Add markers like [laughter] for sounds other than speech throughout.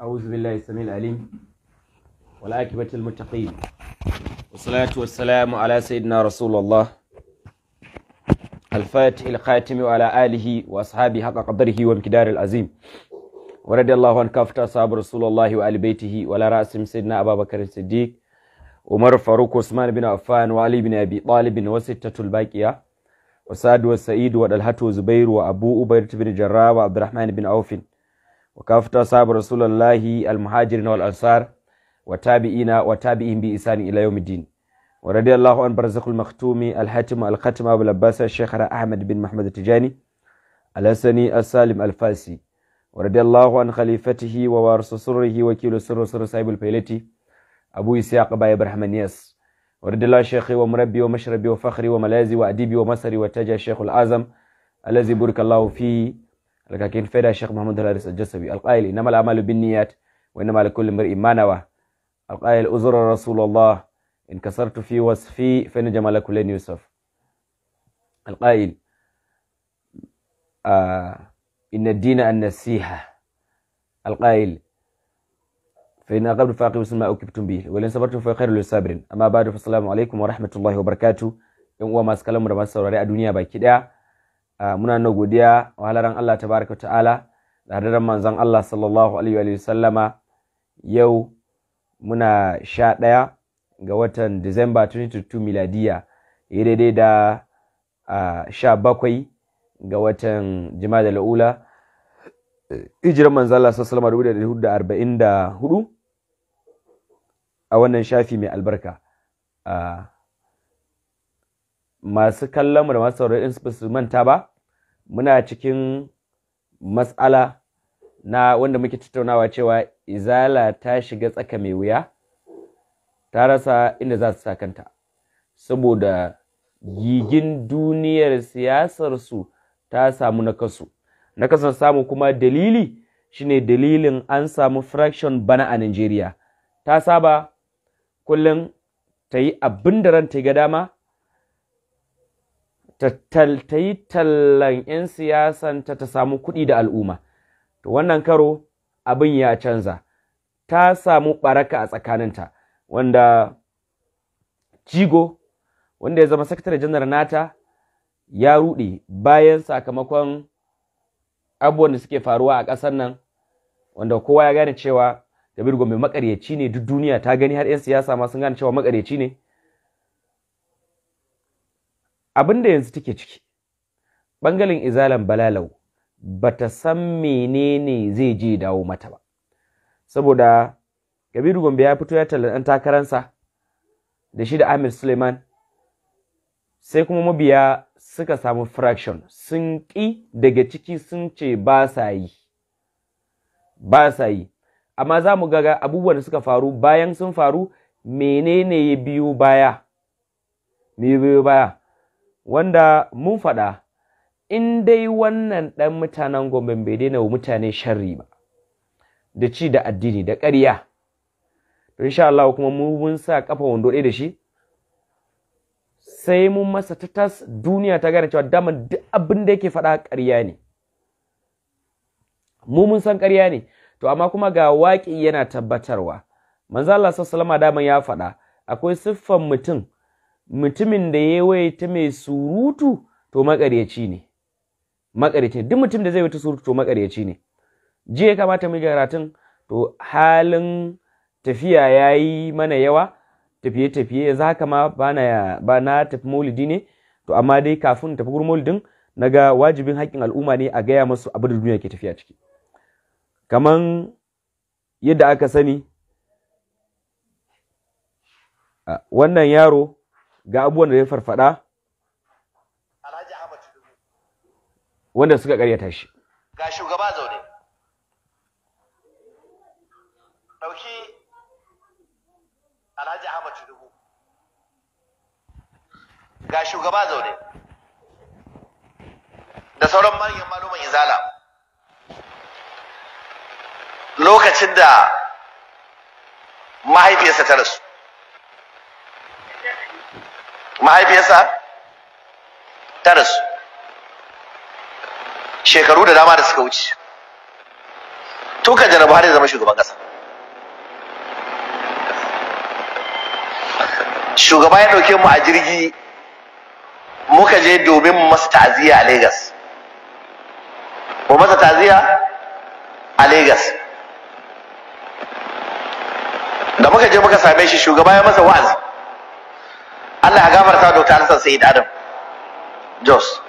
أعوذ بالله السميع العليم والعاقبة المتقين والصلاة والسلام على سيدنا رسول الله الفاتح الخاتم وعلى آله وأصحابه حق قدره وامتدار العظيم ورضي الله عن كافة أصحاب رسول الله وآل بيته ولا رأسهم سيدنا أبا بكر الصديق عمر فاروق عثمان بن عفان وعلي بن أبي طالب وستة الباقية وسعد والسعيد والهت وزبير وأبو أبيرة بن جراح وعبد الرحمن بن عوف وكافت أصحاب رسول الله المهاجرين والأنصار وتابعين وتابعين بإحسان إلى يوم الدين ورضي الله عن برزق المختوم الحاتم الختم أبو العباس الشيخ أحمد بن محمد التجاني الحسني السالم الفاسي ورضي الله عن خليفته ووارث سره وكيل سر سر صاحب البيلتي أبو إسحاق باي برحمنياس ورد الله شيخي ومربي ومشربي وفخري وملاذي وأديبي ومصري وتاج الشيخ الأعظم الذي بارك الله فيه لكن فدا الشيخ محمد الهارس الجسبي القائل إنما الأعمال بالنيات وإنما لكل امرئ ما نوى القائل أزر رسول الله إن كسرت في وصفي فإن جمالك كل يوسف القائل آه إن الدين النسيحة القائل فإن أغبت فأقيم ما أكبتم به ولن صبرتم فخير للصابرين أما بعد فالسلام عليكم ورحمة الله وبركاته yan uwa masu kalamu da masu saurari Ah, muna na godiya wa halaran Allah baraka ta'ala da hadarar manzan Allah sallallahu alaihi wa sallama yau muna sha ɗaya ga watan Disamba 2022 miladiya ya daidai da ah, sha bakwai ga watan da la'ula hijiran manzan Allah sallallahu alaihi wa hudu a wannan shafi mai albarka ah, masu kallon mu da masu sauraron su manta ba muna cikin matsala na wanda muke tattaunawa cewa izala ta shiga tsaka mai wuya ta rasa inda za su kanta saboda gigin duniyar siyasarsu ta samu nakasu kasar samu kuma dalili shine dalilin an samu fraction bana a Najeriya ta saba kullum ta yi abin da ranta ga dama ta yi tallan 'yan siyasanta ta samu kuɗi da al'umma to wannan karo abin ya canza ta samu ɓaraka a tsakaninta wanda jigo wanda ya zama sakatare janar nata ya ruɗe bayan sakamakon abubuwan da suke faruwa a ƙasar nan wanda kowa ya gane cewa Kabir Gombe makaryaci ne duk duniya ta gani har 'yan siyasa ma sun gane cewa makaryaci ne abin da yanzu take ciki ɓangaren izalan balalau ba ta san menene zai je dawo mata ba saboda kabiru gombe ya fito ya talan takararsa da shi da amir suleiman sai kuma mabiya suka samu fraction sun ƙi daga ciki sun ce ba sa yi ba sa yi amma za mu gaga abubuwan da suka faru bayan sun faru menene ya biyo baya me biyo baya wanda mun faɗa in dai wannan ɗan mutanen Gombe bai daina wa mutane sharri ba da ci da addini da ƙarya to insha Allah kuma mu mun sa kafa wando ɗaya da shi sai mun masa ta tas duniya ta gane cewa daman duk abin da yake faɗa ƙarya ne mu mun san ƙarya ne to amma kuma ga waƙi yana tabbatarwa manzo Allah sallallahu alaihi daman ya faɗa akwai siffan mutum mutumin da ya waita mai surutu to makaryaci ne makaryaci duk mutum da zai waita surutu to makaryaci ne jiya kamata mu karatun to halin tafiya yayi mana yawa tafiye tafiye za haka ma bana ba na tafi maulidi ne to amma dai kafin tafi gurin maulidin ga wajibin haƙƙin al'umma ne a gaya masu abin da duniya ke tafiya ciki kaman yadda aka sani wannan yaro ga abubuwan da ya farfada Alhaji Ahmad wanda suka karyata shi ga shugaba zaune dauki Alhaji Ahmad Tinubu ga shugaba zaune da sauran manyan maluman izala lokacin da mahaifiyarsa ta rasu mahaifiyarsa ta rasu shekaru da dama da suka wuce tun kan janar buhari zama shugaban ƙasa shugaba ya ɗauke mu a jirgi muka je domin masu ta'aziyya a Legas. Mu masa ta'aziyya a Legas. Da muka je muka same shi shugaba ya masa wa'azi. Allah ya gafarta Dr. Hassan Said Adam Jos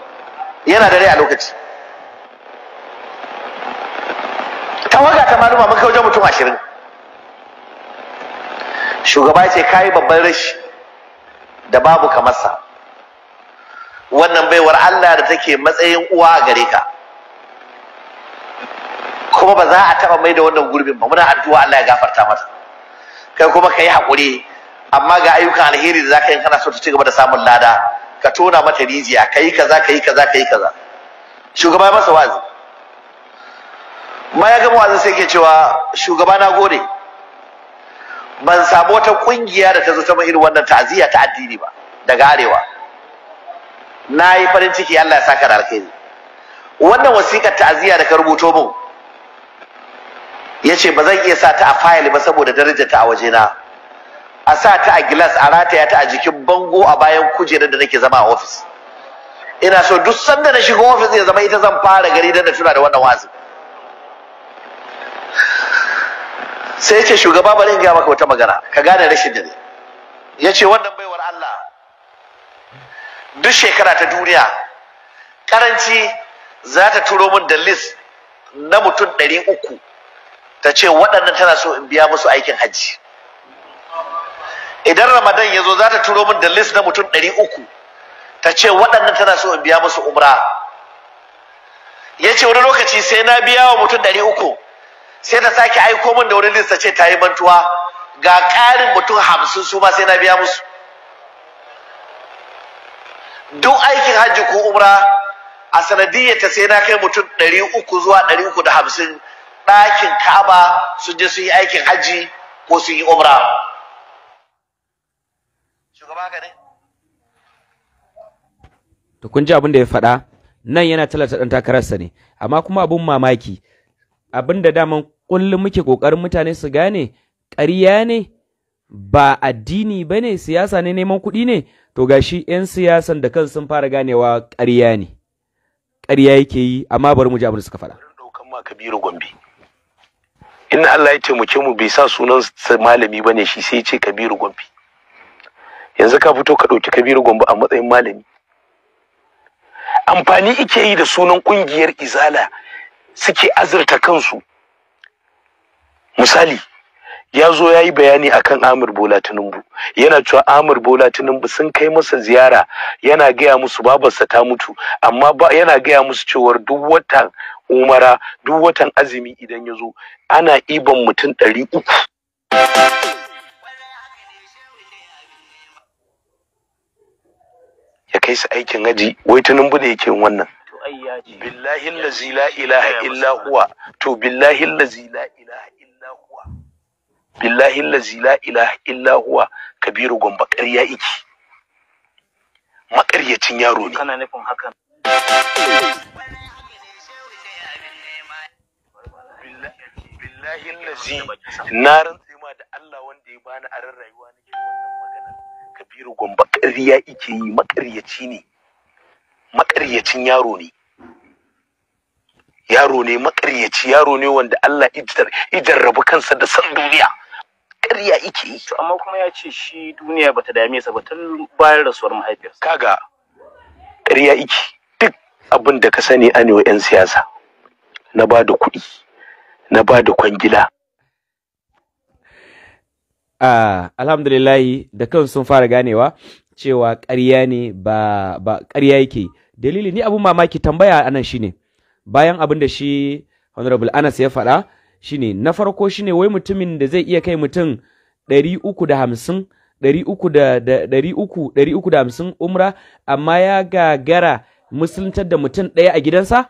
yana da rai a lokaci tawaga ta maluma mun kai wajen mutum ashirin shugaba ce kayi babban rashi da babu kamarsa wannan baiwar Allah da take matsayin uwa a gare ka kuma ba za a taba mai da wannan gurbin ba muna addu'a Allah ya gafarta mata kai kuma ka yi haƙuri amma ga ayyukan alheri da zaka yi kana so ta ci da samun lada ka tona mata rijiya kai kaza kai kaza kai kaza shugaba ya masa wazi ma gama wazi sai ke cewa shugaba na gode ban samu wata kungiya da ta zo ta mahiru wannan ta'aziyya ta addini ba daga arewa na yi farin ciki Allah ya saka da alkhairi wannan wasiƙar ta'aziyya da ka rubuto min ya ce ba zan iya sa ta a fayil ba saboda darajar ta a na. a sa ta a gilas a rataya ta a jikin bango a bayan kujerar da nake zama a ofis ina so duk sanda na shiga ofis ya zama ita zan fara gari don na tuna da wannan wazi sai ce shugaba bari ga maka wata magana ka gane rashin dare. ya ce wannan baiwar Allah duk shekara ta duniya karanci za ta turo min da list na mutum ɗari uku ta ce waɗannan tana so in biya musu aikin hajji idan ramadan ya zo za ta turo min da list na mutum ɗari uku ta ce waɗannan tana so in biya musu umra ya ce wani lokaci sai na biya wa mutum ɗari uku sai ta sake aiko min da wani list ta ce ta yi mantuwa ga ƙarin mutum hamsin su ma sai na biya musu duk aikin hajji ko umra a sanadiyyar ta sai na kai mutum ɗari uku zuwa ɗari da hamsin ɗakin ka'aba sun je sun yi aikin hajji ko sun yi umra to kun ji abin da ya faɗa nan yana talata ɗan takararsa ne amma kuma abin mamaki abin da daman kullum muke ƙoƙarin mutane su gane ƙarya ne ba addini ba ne siyasa ne neman kuɗi ne to gashi 'yan siyasan da kan sun fara ganewa ƙarya ne ƙarya yake yi amma bari mu ji abin da suka faɗa. Kabiru Gombe. in Allah ya taimake mu bai sa sunan malami ba ne shi sai ya ce Kabiru Gombe yanzu ka fito ka ɗauki Kabiru Gombe a matsayin malami amfani ike yi da sunan kungiyar izala suke azurta kansu misali ya zo ya yi bayani akan Amir Bola Tinubu yana cewa Amir Bola Tinubu sun kai masa ziyara yana gaya musu babarsa ta mutu amma ba yana gaya musu cewar duk watan umara duk watan azumi idan ya zo ana iban mutum ɗari uku kai su aikin aji wai tunin bude yake wannan billahi lazi la illa huwa to billahi la kabiru gomba ƙarya iki makaryacin yaro ne na ma da Allah wanda ya bani a rayuwa nake kabiru gombe ƙarya ike yi maƙaryaci ne maƙaryacin yaro ne yaro ne maƙaryaci yaro ne wanda Allah rabu kansa da san duniya ƙarya ike yi amma kuma ya ce shi duniya bata dame sa ba bayar da rasuwar mahaifiyarsa kaga ƙarya ike duk abin da ka sani an 'yan siyasa na ba da kuɗi na ba da kwangila alhamdulillahi da kan sun fara ganewa cewa ƙarya ne ba ba ƙarya yake dalili ni abun mamaki tambaya anan shine bayan abin da shi honorable Anas ya faɗa shine na farko shine wai mutumin da zai iya kai mutum ɗari uku da hamsin ɗari uku da ɗari uku ɗari uku da hamsin umra amma ya gagara musuluntar da mutum ɗaya a gidansa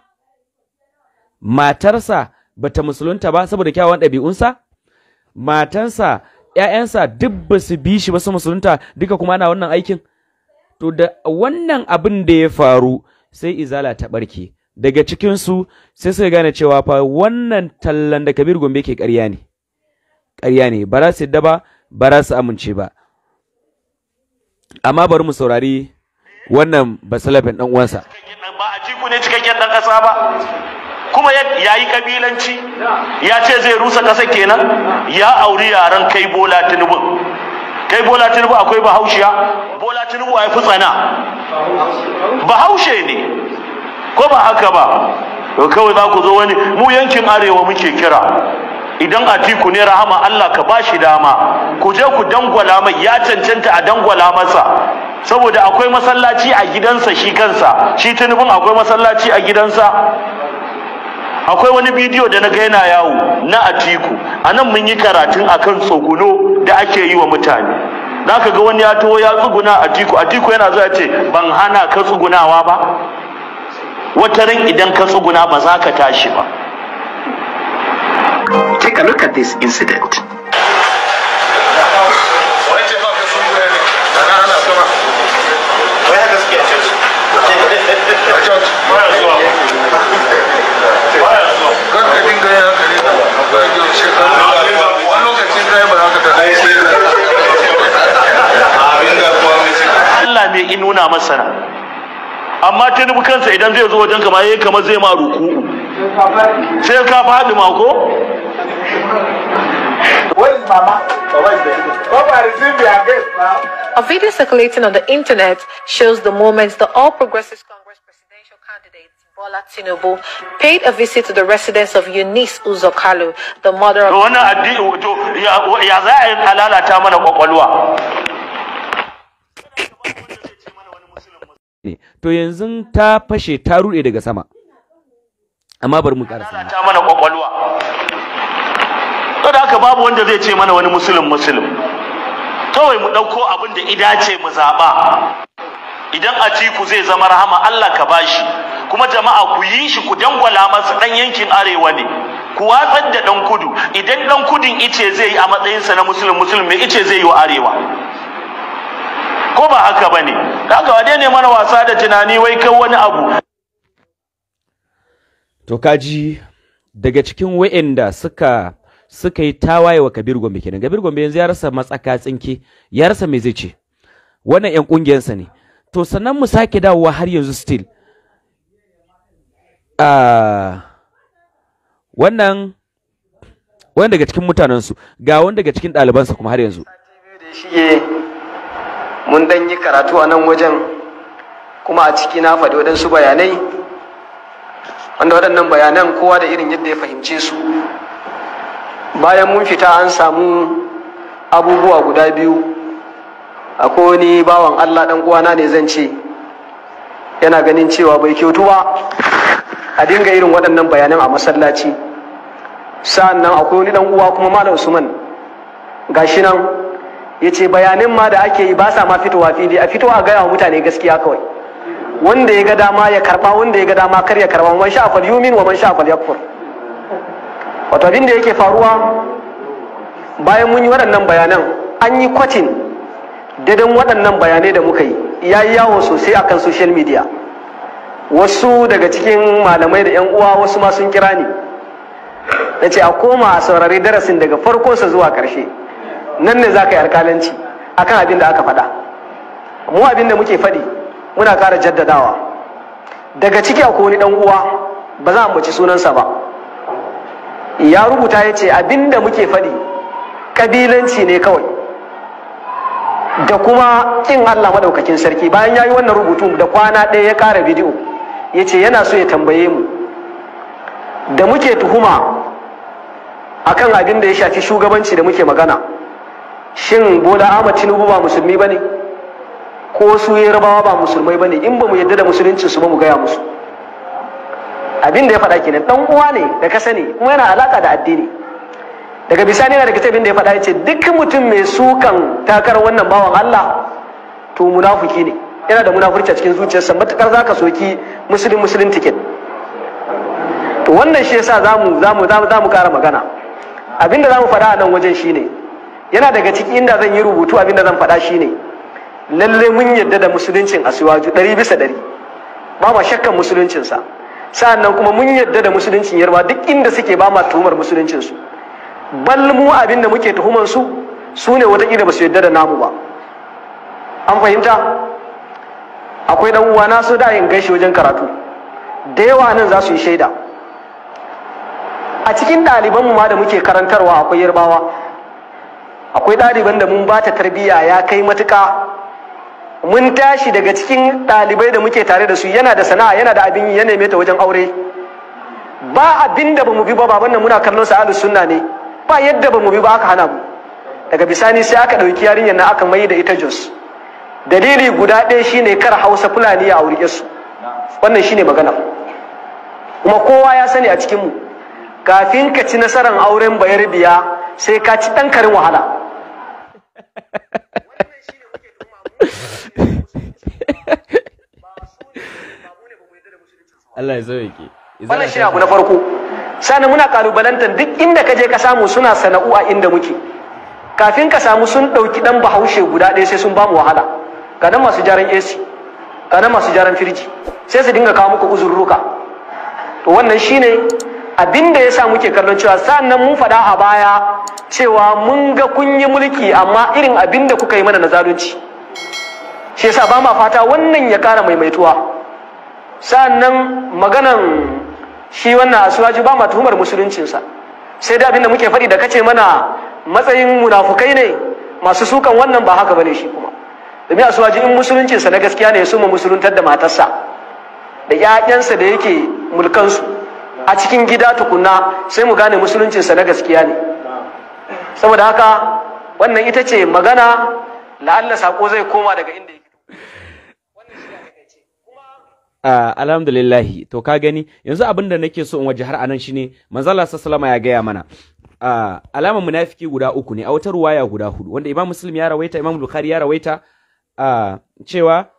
matarsa bata musulunta ba saboda kyawawan ɗabi'unsa matansa 'ya'yansa duk ba su bi shi ba su musulunta duka kuma ana wannan aikin to da wannan abin da ya faru sai izala ta barke daga cikin su sai suka gane cewa fa wannan tallan da Kabir Gombe ke ƙarya ne ƙarya ne ba za su yadda ba ba za su amince ba amma bari mu saurari wannan basalafin dan uwansa ba a ku ne cikakken dan kasa ba kuma ya yi kabilanci ya ce zai rusa ƙasa kenan ya auri yaren kai bola tinubu kai bola tinubu akwai bahaushiya bola tinubu a yi fitsana bahaushe ne ko ba haka ba Ko kawai za ku zo wani mu yankin arewa muke kira idan a atiku ne rahama Allah ka bashi dama ku je ku dangwala mai ya cancanta a dangwala masa saboda akwai masallaci a gidansa shi kansa shi tunubin akwai masallaci a gidansa akwai wani bidiyo da na ga yana yawo na atiku a nan mun yi karatun akan tsoguno da ake yi wa mutane za ka ga wani ya taho ya tsuguna atiku atiku yana zuwa ce ban hana ka tsugunawa ba wata ran idan ka tsuguna ba za ka tashi ba Take a look incident. kai ne ta Allah ne nuna amma kansa idan zai zo wajen kama yi kama zai ma ruku sai ka faɗi ma A video circulating on the internet shows the moments the all progressives. Bola Tinubu paid a visit to the residence of Eunice Uzokalu, the mother of. Wannan addini to ya za a lalata mana kwakwalwa. To yanzu ta fashe ta rude daga sama. Amma bari mu karasa. Lalata mana kwakwalwa. To da haka babu wanda zai ce mana wani musulun musulun. Kawai mu ɗauko abin da idace mu zaɓa. Idan Atiku zai zama rahama Allah ka bashi. kuma jama'a ku yi shi ku dangwala masa dan yankin arewa ne ku watsar da dan kudu idan dan kudin ice zai yi a matsayinsa na musulun musulun mai ice zai yi wa arewa ko ba haka ba ne kaga wa ne mana wasa da tunani wai kai wani abu to kaji daga cikin wa'anda suka suka yi tawaye wa Kabir Gombe kenan Kabir Gombe yanzu ya rasa matsaka tsinke ya rasa me zai ce wannan yan kungiyarsa ne to sannan mu sake dawowa har yanzu still wannan wani daga cikin mutanensu ga wani daga cikin ɗalibansa kuma har yanzu shige mun dan yi karatu a nan wajen kuma a ciki na faɗi waɗansu bayanai wanda waɗannan bayanan kowa da irin yadda ya fahimce su bayan mun fita an samu abubuwa guda biyu akwai wani bawan allah ɗan uwana ne zan ce yana ganin cewa bai kyautu ba a dinga irin waɗannan bayanan a masallaci sa'an akwai wani dan uwa kuma malam usman gashi nan ya ce bayanin ma da ake yi ba sa ma fitowa fili a fitowa a gaya wa mutane gaskiya kawai wanda ya ga dama ya karba wanda ya ga dama kar ya karba man sha fal yumin wa man sha fal yakfur wato abin da yake faruwa bayan mun yi waɗannan bayanan an yi kwatin dadan waɗannan bayanai da muka yi ya yi yawo sosai akan social media wasu daga cikin malamai da 'yan uwa wasu ma sun kira ni na ce a koma a saurari darasin daga farko sa zuwa karshe nan ne za ka yi alkalanci a kan abin da aka faɗa mu abin da muke faɗi muna kara jaddadawa daga ciki akwai wani dan uwa ba za a mace sunansa ba ya rubuta ya ce abin da muke faɗi ƙabilanci ne kawai da kuma kin Allah maɗaukakin sarki bayan ya yi wannan rubutu da kwana ɗaya ya kara bidiyo ya ce yana so ya tambaye mu da muke tuhuma akan abin da ya shafi shugabanci da muke magana shin bola ahmad tinubu ba musulmi ba ne ko su yarbawa ba musulmai ba ne in ba mu yadda da musulunci su ba mu gaya musu abin da ya faɗa kenan dan uwa ne da ka sani kuma yana alaka da addini daga bisani yana daga abin da ya faɗa ya ce duk mutum mai sukan takarar wannan bawan allah to munafuki ne yana da munafurci a cikin zuciyarsa matukar ka soki musulun musulun ticket to wannan shi yasa zamu zamu zamu kara magana abinda zamu faɗa a nan wajen shine yana daga ciki inda zan yi rubutu abinda zan faɗa shine lalle mun yadda da musuluncin asiwaju ɗari bisa ɗari ba ma shakkan musuluncinsa sa'annan kuma mun yadda da musuluncin yarwa duk inda suke ba ma tuhumar musuluncinsu bal mu abinda muke tuhumar su su ne wataƙila ba su yadda da namu ba an fahimta akwai dan uwa na so da in gaishe wajen karatu da yawa nan za su yi shaida a cikin ɗaliban mu ma da muke karantarwa akwai yarbawa akwai ɗaliban da mun bata tarbiyya ya kai matuka mun tashi daga cikin ɗalibai da muke tare da su yana da sana'a yana da abin ya neme ta wajen aure ba abin da ba bi ba baban nan muna kallon sa alu sunna ne ba yadda ba bi ba aka hana mu daga bisani sai aka ɗauki yarinyar na aka mai da ita jos dalili guda ɗaya shine kar hausa fulani ya auri su wannan shine magana kuma kowa ya sani a cikinmu kafin ka ci nasarar auren bayar biya sai ka ci ɗan karin wahala Allah ya ke. Wannan shi abu na farko. Sani muna kalubalantar duk inda ka je ka samu suna sana'u a inda muke. Kafin ka samu sun ɗauki ɗan bahaushe guda ɗaya sai sun bamu wahala. ga nan masu jaran AC ga masu jaran firji sai su dinga kawo muku uzurruka to wannan shine abin da yasa muke kallon cewa sannan mun faɗa a baya cewa mun ga kun yi mulki amma irin abin da kuka yi mana na zalunci shi yasa ba ma fata wannan ya kara maimaituwa sannan maganan shi wannan asuwaji ba ma tuhumar musuluncinsa sai da abin da muke faɗi da kace mana matsayin munafukai ne masu sukan wannan ba haka bane shi kuma domin asuwaji in musuluncinsa na gaskiya ne su suma musuluntar da matarsa da 'ya'yansa da yake mulkansu a cikin gida tukuna sai mu gane musuluncinsa na gaskiya ne saboda haka wannan ita ce magana la'alla sako zai koma daga inda yake Uh, alhamdulillahi to ka gani yanzu abin da nake so in waje har anan shine manzala sallama ya gaya mana alamar munafiki guda uku ne a wata ruwaya guda hudu wanda imam muslim ya rawaita imam bukhari ya rawaita a cewa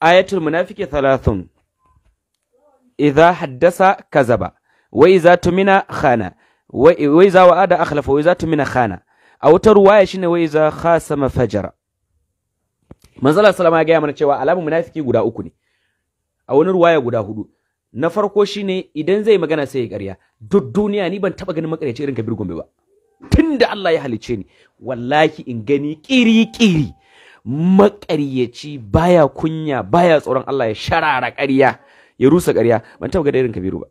ayatul munafiki thalathun idza haddasa kazaba wa idza tumina khana wa idza wa'ada akhlafa wa idza tumina khana a wata ya shine wa idza khasama fajara manzala sallama ya gaya mana cewa alamun munafiki guda uku ne a wani ruwaya guda hudu na farko shine idan zai magana sai ya ƙarya duk duniya ni ban taba ganin makaryaci irin kabir gombe ba tunda Allah ya halicce ni wallahi in gani kiri kiri maƙaryaci baya kunya baya tsoron Allah ya sharara ƙarya ya rusa ƙarya ban taɓa ganin irin Kabiru ba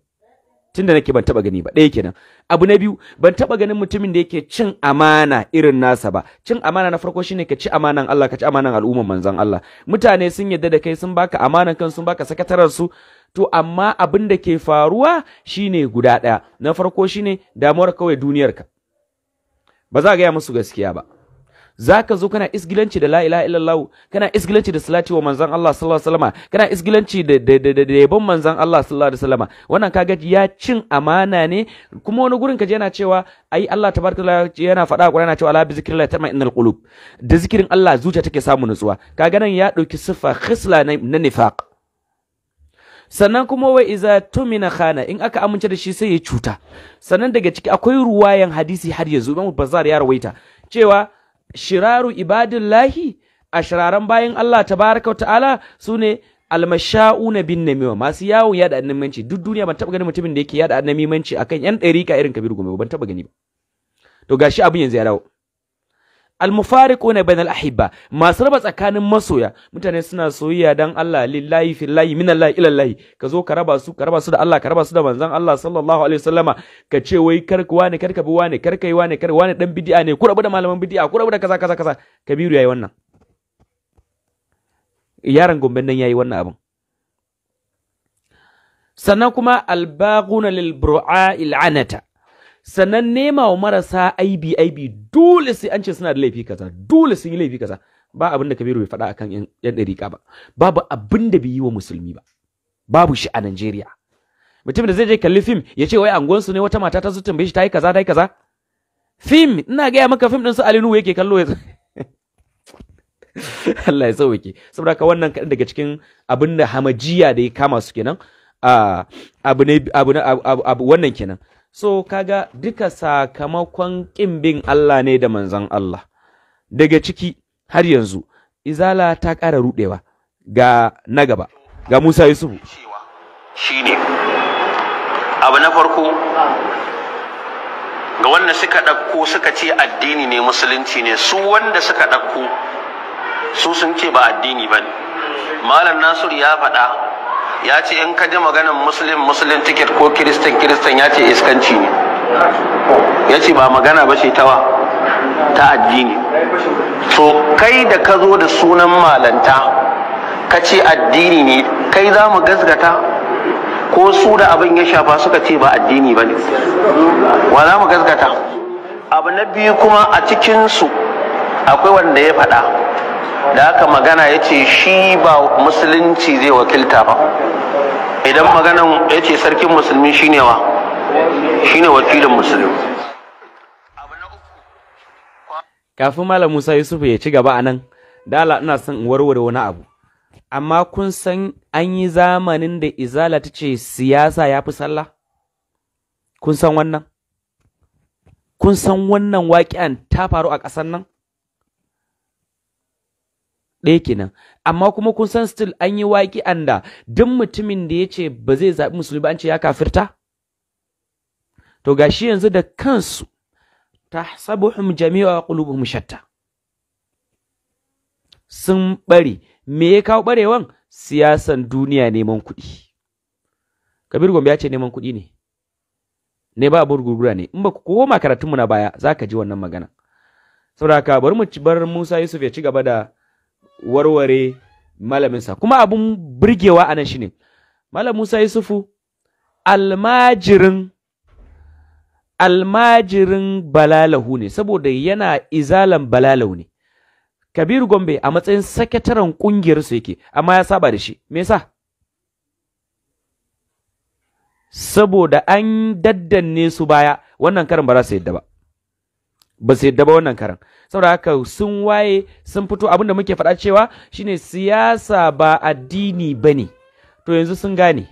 tunda nake ban taɓa gani ba ɗaya kenan abu na biyu ban taɓa ganin mutumin da yake cin amana irin nasa ba cin amana na farko shine ka ci amanan Allah ka ci amanan al'umman manzon Allah mutane sun yadda da kai sun baka amanan kansu sun baka sakatarar su to amma abin da ke faruwa shine guda ɗaya na farko shine damuwar kawai duniyarka ba za a gaya musu gaskiya ba zaka zo kana isgilanci da la ilaha illallah kana isgilanci da salati wa manzon Allah sallallahu alaihi wasallam kana isgilanci da da yabon manzon Allah sallallahu alaihi wasallam wannan kaga ya cin amana ne kuma wani gurin kaje yana cewa ai Allah tabaraka yana faɗa a Qur'ani yana cewa ala bi zikrillah tatma'innul qulub da zikirin Allah zuciya take samu nutsuwa kaga nan ya dauki siffa khisla na nifaq sannan kuma wai iza tumina khana in aka amince da shi sai ya cuta sannan daga ciki akwai ruwayan hadisi har yanzu Imam Bazar ya rawaita cewa shiraru lahi a shiraran bayan Allah tabaraka wa ta'ala su ne almasha'una bin namima masu yawon yada annabimanci duk duniya ban taba ganin mutumin da yake yada annabimanci akan yan dariƙa irin Kabiru Gombe ban taba gani ba to gashi abin yanzu ya dawo almufariquna bainal ahibba masu raba tsakanin masoya mutane suna soyayya dan Allah lillahi fillahi minallahi ilallahi ka zo ka raba su ka raba su da Allah ka raba su da manzon Allah sallallahu alaihi wasallama ka ce wai karka wani karka bi wani karka yi wani karka wani dan bid'a ne ku rabu da malaman bid'a ku rabu da kaza kaza kaza kabiru yayi wannan yaron gomben nan yayi wannan abin sannan kuma albaguna lil bru'a il anata sannan nema wa marasa aibi aibi dole sai an ce suna da laifi kaza dole sun yi laifi kaza ba abin da Kabiru bai faɗa akan yan ɗariƙa ba babu abin da bai yi wa musulmi ba babu shi a Najeriya mutum da zai je kalli fim ya ce wai su ne wata mata ta zutun tambaye shi ta yi kaza ta yi kaza fim ina gaya maka fim ɗin su Alinu yake kallo ya [laughs] Allah ya sauke saboda ka wannan kaɗan daga cikin abin da hamajiya da ya kama su kenan ah, abu ne abu wannan kenan So kaga duka sakamakon ƙin Allah ne da manzon Allah. Daga ciki har yanzu izala ta ƙara ruɗewa ga na gaba ga Musa Yusufu. ne, abu na farko ga wanda suka ɗauko suka ce addini ne musulunci ne su wanda suka ɗauko su sun ce ba addini ba ne. Malam Nasiru ya faɗa ya ce in ka ji maganin muslim muslim ticket ko kiristan kiristan ya ce iskanci ne ya ce ba magana ba ce tawa ta addini so kai da ka zo da sunan malanta ka ce addini ne kai za mu gasgata ko su da abin ya shafa suka ce ba addini ba ne wa za mu gasgata abu na biyu kuma a cikinsu akwai wanda ya faɗa da aka magana ya ce shi ba musulunci zai wakilta ba idan maganan ya ce sarkin musulmi ne wa ne wakilin musulmi kafin malam musa yusuf ya ci gaba a nan dala ina son in warware wani abu amma kun san an yi zamanin da izala ta ce siyasa ya fi sallah kun san wannan kun san wannan waƙi'an ta faru a ƙasar nan ɗaya kenan amma kuma kun san still an yi waƙi anda duk mutumin da ya ce ba zai zaɓi musulmi ba an ce ya kafirta to ga shi yanzu da kansu ta tahsabuhum jami'a qulubuhum shatta sun bare me ya kawo barewan siyasan duniya neman kuɗi kabir gombe ya ce neman kuɗi ne ne ba abur gurgura ne in ba ku koma karatunmu na baya za ka ji wannan magana saboda haka bari mu bar Musa Yusuf ya ci gaba da warware malaminsa kuma abun burgewa anan shine malam Musa Yusufu almajirin almajirin balalahu ne saboda yana izalan balalahu ne Kabiru Gombe a matsayin sakataren kungiyar su yake amma ya saba da shi me yasa saboda an daddanne su baya wannan karin ba za su yadda ba ba su yadda ba wannan karan saboda haka sun waye sun fito abin da muke faɗa cewa shine siyasa ba addini ba ne to yanzu sun gane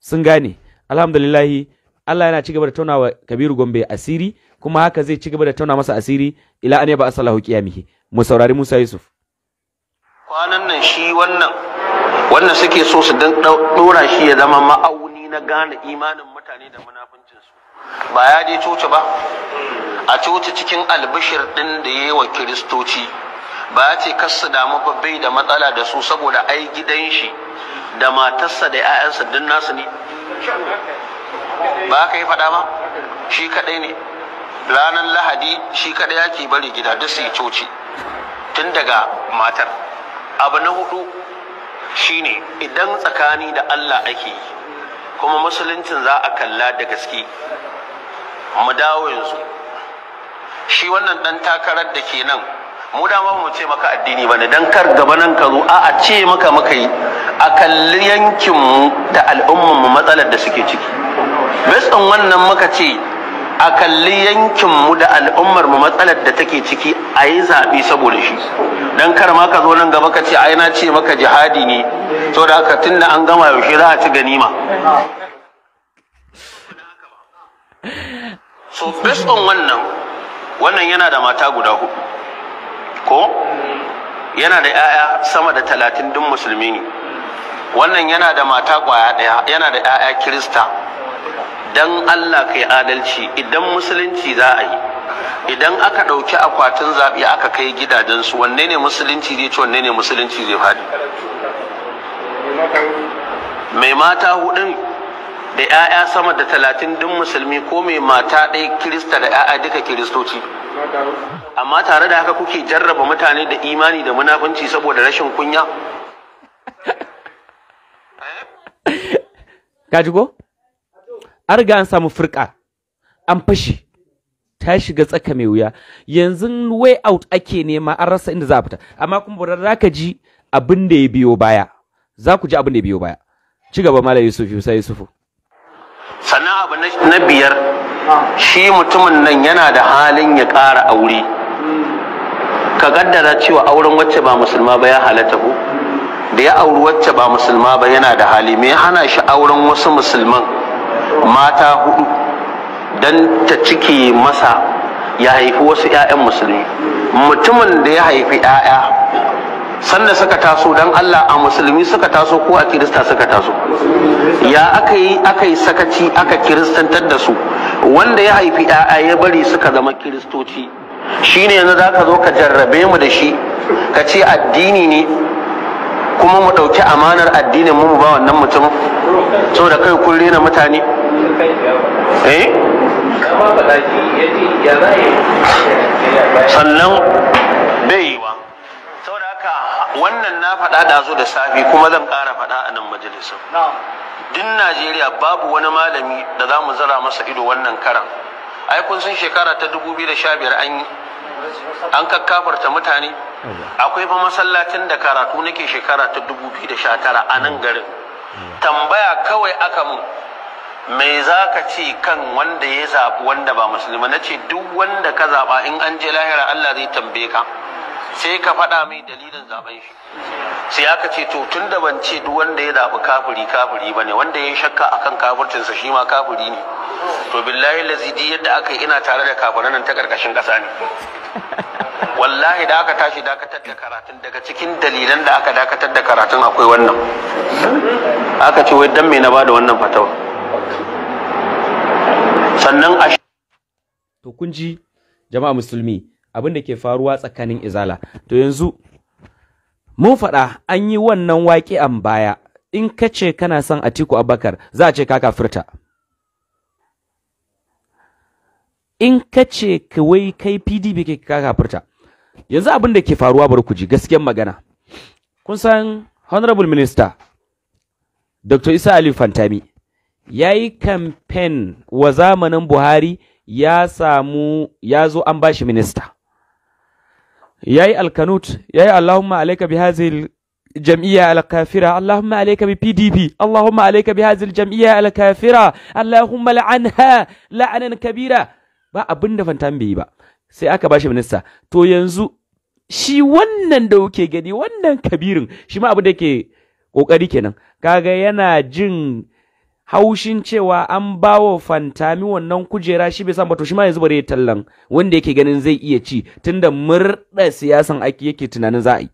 sun gane alhamdulillahi Allah yana cigaba da taunawa Kabiru Gombe asiri kuma haka zai cigaba da tauna masa asiri ila an yaba asalahu qiyamihi mu Musa Yusuf kwanan nan shi wannan wannan suke so su dan dora shi ya zama ma'auni na gane imanin mutane da munafin ba ya je coci ba a coci cikin albishir ɗin da ya yi wa kiristoci ba ya ce kasu damu ba bai da matsala da su saboda ai gidan shi da matarsa da 'ya'yansa din nasu ne ba ka yi faɗa ba shi kaɗai ne ranar lahadi shi kaɗai ke bari gida duk su coci tun daga matar abu na hudu shine idan tsakani da allah ake yi kuma musuluncin za a kalla da gaske mu dawo yanzu shi wannan dan takarar da ke nan mu dama mu ce maka addini bane dan kar gaba nan ka zo a a ce maka muka yi a kalli yankin mu da al'umman mu matsalar da suke ciki based on wannan muka ce a kalli yankin mu da al'ummar mu matsalar da take ciki a yi zaɓe saboda shi dan kar ma ka zo nan gaba ka ce ai na ce maka jihadi ne saboda haka tunda an gama yaushe za a ci ganima so based on wannan wannan yana da mata guda hudu ko yana da 'ya'ya sama da talatin duk musulmi ne wannan yana da mata kwaya daya yana da 'ya'ya kirista dan allah kai adalci idan musulunci za a yi idan aka ɗauki akwatin zaɓe aka kai gidajensu wanne ne musulunci zai ci wanne ne musulunci zai faɗi mai mata hudun da 'ya'ya sama da talatin duk musulmi ko mai mata ɗaya kirista da 'ya'ya duka kiristoci amma tare da haka kuke jarraba mutane da imani da munafunci saboda rashin kunya gaji ko an riga an samu firka an fashi ta shiga tsaka mai wuya yanzu way out ake nema an rasa inda za a fita amma kuma bari za ka ji abin da ya biyo baya za ku ji abin da ya biyo baya ci gaba malam yusuf yusa yusufu sannan abu na biyar shi mutumin nan yana da halin ya ƙara aure ka gaddara cewa auren wacce ba musulma ba ya halatta ko da ya auri wacce ba musulma ba yana da hali mai hana shi auren wasu musulman mata hudu don ta ciki masa ya haifi wasu 'ya'yan musulmi mutumin da ya haifi 'ya'ya sanda suka taso don Allah a musulmi suka taso ko a kirista suka taso ya aka yi aka yi sakaci aka kiristantar da su wanda ya haifi ɗaya ya bari suka zama kiristoci shine yanzu za ka zo ka jarrabe mu da shi ka ce addini ne kuma mu ɗauki amanar addinin mu ba wannan mutum da kai kun rena mutane eh? sannan wannan na faɗa ɗazu da safi kuma zan ƙara faɗa a nan majalisar din najeriya babu wani malami da za mu zara masa ido wannan karan ai kun san shekara ta 2015 an yi an kakkafarta mutane akwai fa masallacin da karatu nake shekara ta 2019 a nan garin tambaya kawai aka mun mai za ka ce kan wanda ya zaɓi wanda ba musulma na ce duk wanda ka zaɓa in an je lahira allah zai tambaye ka sai ka faɗa mai dalilin zaɓen shi sai aka ce to tun da ban ce duk wanda ya zaɓi kafiri kafiri ba ne wanda ya yi shakka kan kafircinsa shi ma kafiri ne to billahi lazidi yadda aka yi ina tare da kafiran ta ƙarƙashin ƙasa ne [laughs] wallahi da aka tashi dakatar da karatun daga cikin dalilan da aka dakatar da karatun akwai wannan aka ce wai dan me na bada wannan fatawa sannan a to kun ji jama'a musulmi abin da ke faruwa tsakanin izala to yanzu mun faɗa an yi wannan waƙi an baya in ka ce kana son Atiku Abubakar za a ce ka kafirta in ka ce wai kai PDP ke ka kafirta yanzu abin ke faruwa bari ku ji gaskiyar magana kun san honorable minister Dr. Isa Ali Fantami ya yi kamfen wa zamanin Buhari ya samu ya zo an bashi minista yayi alkanut yayi allahumma alayka bi hadhihi الجمعية الكافرة اللهم عليك بPDP اللهم عليك بهذه alkafira allahumma اللهم لعنها لعنا كبيرة ba abin da fantan bai yi ba sai aka bashi minista to yanzu shi wannan da kuke gani wannan kabirin shi ma abin da yake kokari kenan kaga yana jin haushin cewa an bawa fantami wannan kujera shi bai san ba to shi ma yanzu bare tallan wanda yake ganin zai iya ci tunda murda siyasan ake yake tunanin za a yi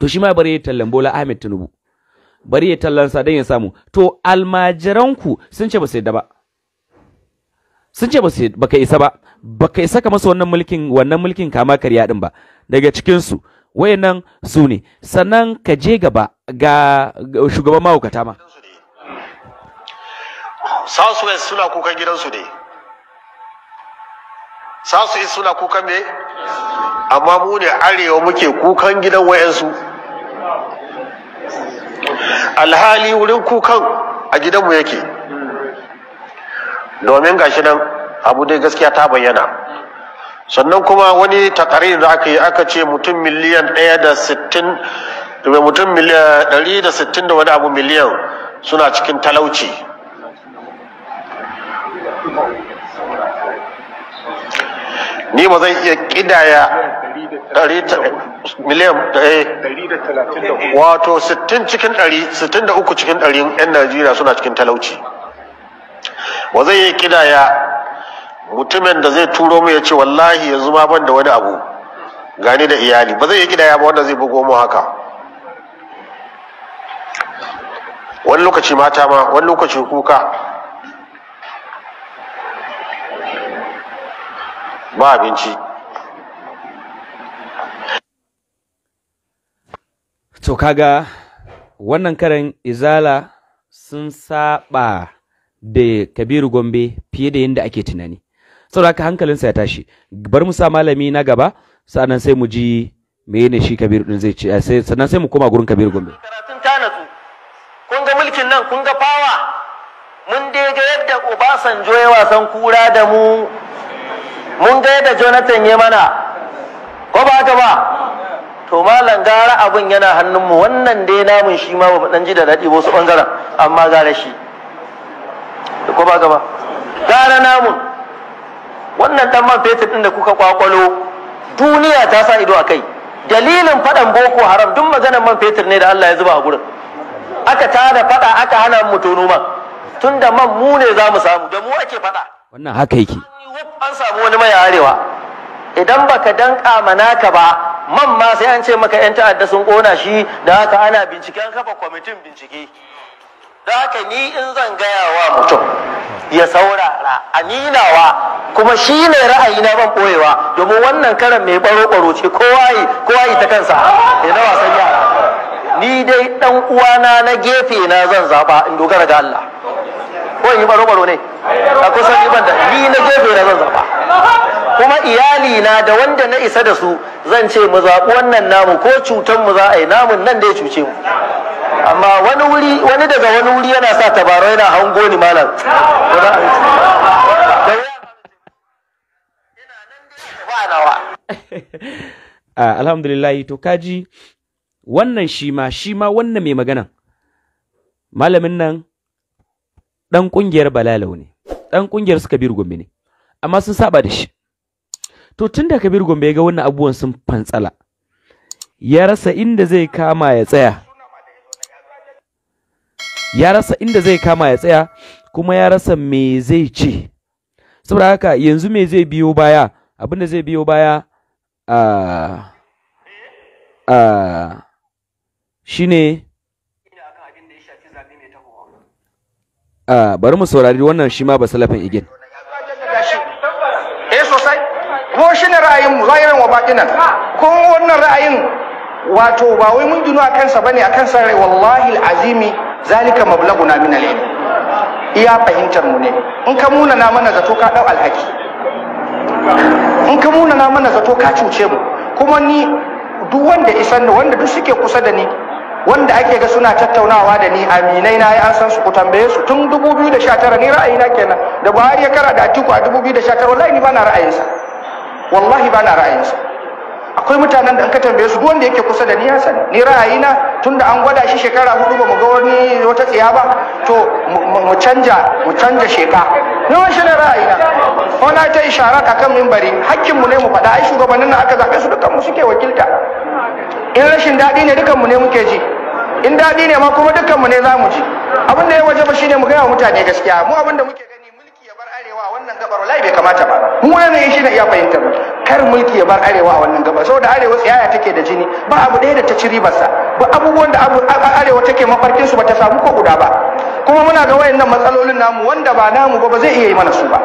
to shi ma bare tallan Bola Ahmed Tinubu bari ya tallan sa don ya samu to almajiranku sun ce ba su yadda ba sun ce ba ka isa ba ba ka isa ka masa wannan mulkin wannan mulkin kama karya din ba daga cikinsu wayannan su ne sannan ka je gaba ga shugaban mahaukata ma southwest suna kukan gidansu ne southwest suna kukan me amma mu ne arewa muke kukan gidan wayansu alhali wurin kukan a gidanmu yake domin gashi nan abu dai gaskiya ta bayyana sannan kuma wani takarir da aka yi aka ce mutum miliyan ɗaya da sittin mutum miliyan ɗari da sittin da wani abu miliyan suna cikin talauci ni ba zan iya kidaya miliyan eh, wato 60 cikin 100 63 cikin 100 'yan Najeriya suna cikin talauci Ba zai iya kidaya mutumin da zai turo mu ya ce wallahi yanzu ma ban da wani abu gani da iyali ba zai iya kidaya ba wanda zai bugo mu haka wani lokaci mata ma wani lokaci kuka ba abinci to kaga wannan karan izala sun saba da kabiru gombe fiye da yadda ake tunani Sauraka hankalinsa ya tashi bar mu sa malami na gaba sannan sai mu ji menene shi kabiru ɗin zai ce eh, sannan sai mu koma gurin kabiru gombe karatun ta kun ga mulkin nan kun ga fawa mun dai ga yadda obasanjo ya wasan kura da mu mun ga yadda jonathan ya mana ko ba haka ba to malam gara abin yana hannunmu wannan dai namun shi ma ba ji da daɗi wasu ɓangaren amma gara shi ko ba gaba gara namun wannan dan man fetur ɗin da kuka kwakwalo duniya ta sa ido a kai dalilin faɗan boko haram duk maganar man fetur ne da Allah ya zuba a gurin aka tada faɗa aka hana mu tono man tunda man mu ne za mu samu da mu ake faɗa wannan haka yake an samu wani mai arewa idan baka danka manaka ba man ma sai an ce maka yan ta'adda sun kona shi da haka ana binciken kafa kwamitin bincike da haka ni in zan gaya wa mutum ya saurara aminawa kuma shi ne ra'ayi na ban boyewa domin wannan karan mai baro baro ce kowa yi kowa yi ta kansa ya na wasan yara ni dai dan uwana na gefe na zan zaba in dogara ga Allah ko in yi baro baro ne a kusan iban da ni na gefe na zan zaba kuma iyali na da wanda na isa da su zan ce mu zaɓi wannan namu ko cutan mu za a yi namun nan da ya cuce mu amma wani wuri wani daga wani wuri yana sa tabaro yana hango ni malam [laughs] alhamdulillah to kaji wannan shi ma shi ma wannan mai magana. malamin nan dan kungiyar Balalau ne dan kungiyar su Kabir Gombe ne amma sun saba da shi to tunda Kabir Gombe ya ga wannan abubuwan sun fantsala ya rasa inda zai kama ya tsaya ya rasa inda zai kama ya tsaya kuma ya rasa me zai ce saboda haka yanzu me zai biyo baya abinda zai biyo baya a uh, ah, shine Ah, bari mu saurari wannan shi ma basalafin igin eh sosai ko shi ne ra'ayin mu zahirin wa batinan ko wannan ra'ayin wato ba wai mun a akan sa bane akan sa rai wallahi alazimi zalika mablaguna min al iya fahimtar mu ne in ka muna na mana zato ka dau alhaki in ka muna na mana zato ka cuce mu kuma ni duk wanda isan wanda duk suke kusa da ni wanda ake ga suna tattaunawa da ni aminai na an san su ku tambaye su tun 2019 ni ra'ayina kenan da Buhari ya kara da Atiku a 2019 wallahi ni ba na ra'ayinsa wallahi ba na ra'ayinsa akwai mutanen da an ka tambaye su wanda yake kusa da ni ya sani ni ra'ayina tunda an gwada shi shekara hudu ba mu ga wani wata tsiya ba to mu canja mu canja sheka ni wani shi ne ra'ayina wani ta ka akan mimbari hakkin mu ne mu faɗa ai shugabannin nan aka zaɓe su dukkan mu suke wakilta in rashin daɗi ne dukkan mu ne muke ji in daɗi ne ma kuma dukkan mu ne za mu ji abin da ya waje ba shine mu gaya wa mutane gaskiya mu abin da muke gabar wallahi bai kamata ba mu wannan shi ne iya ba kar mulki ya bar arewa a wannan gaba saboda arewa tsiyaya take da jini ba abu ɗaya da ta ci sa ba abubuwan da arewa take mafarkin su ba ta samu ko guda ba kuma muna ga wayannan matsalolin namu wanda ba namu ba ba zai iya yi mana su ba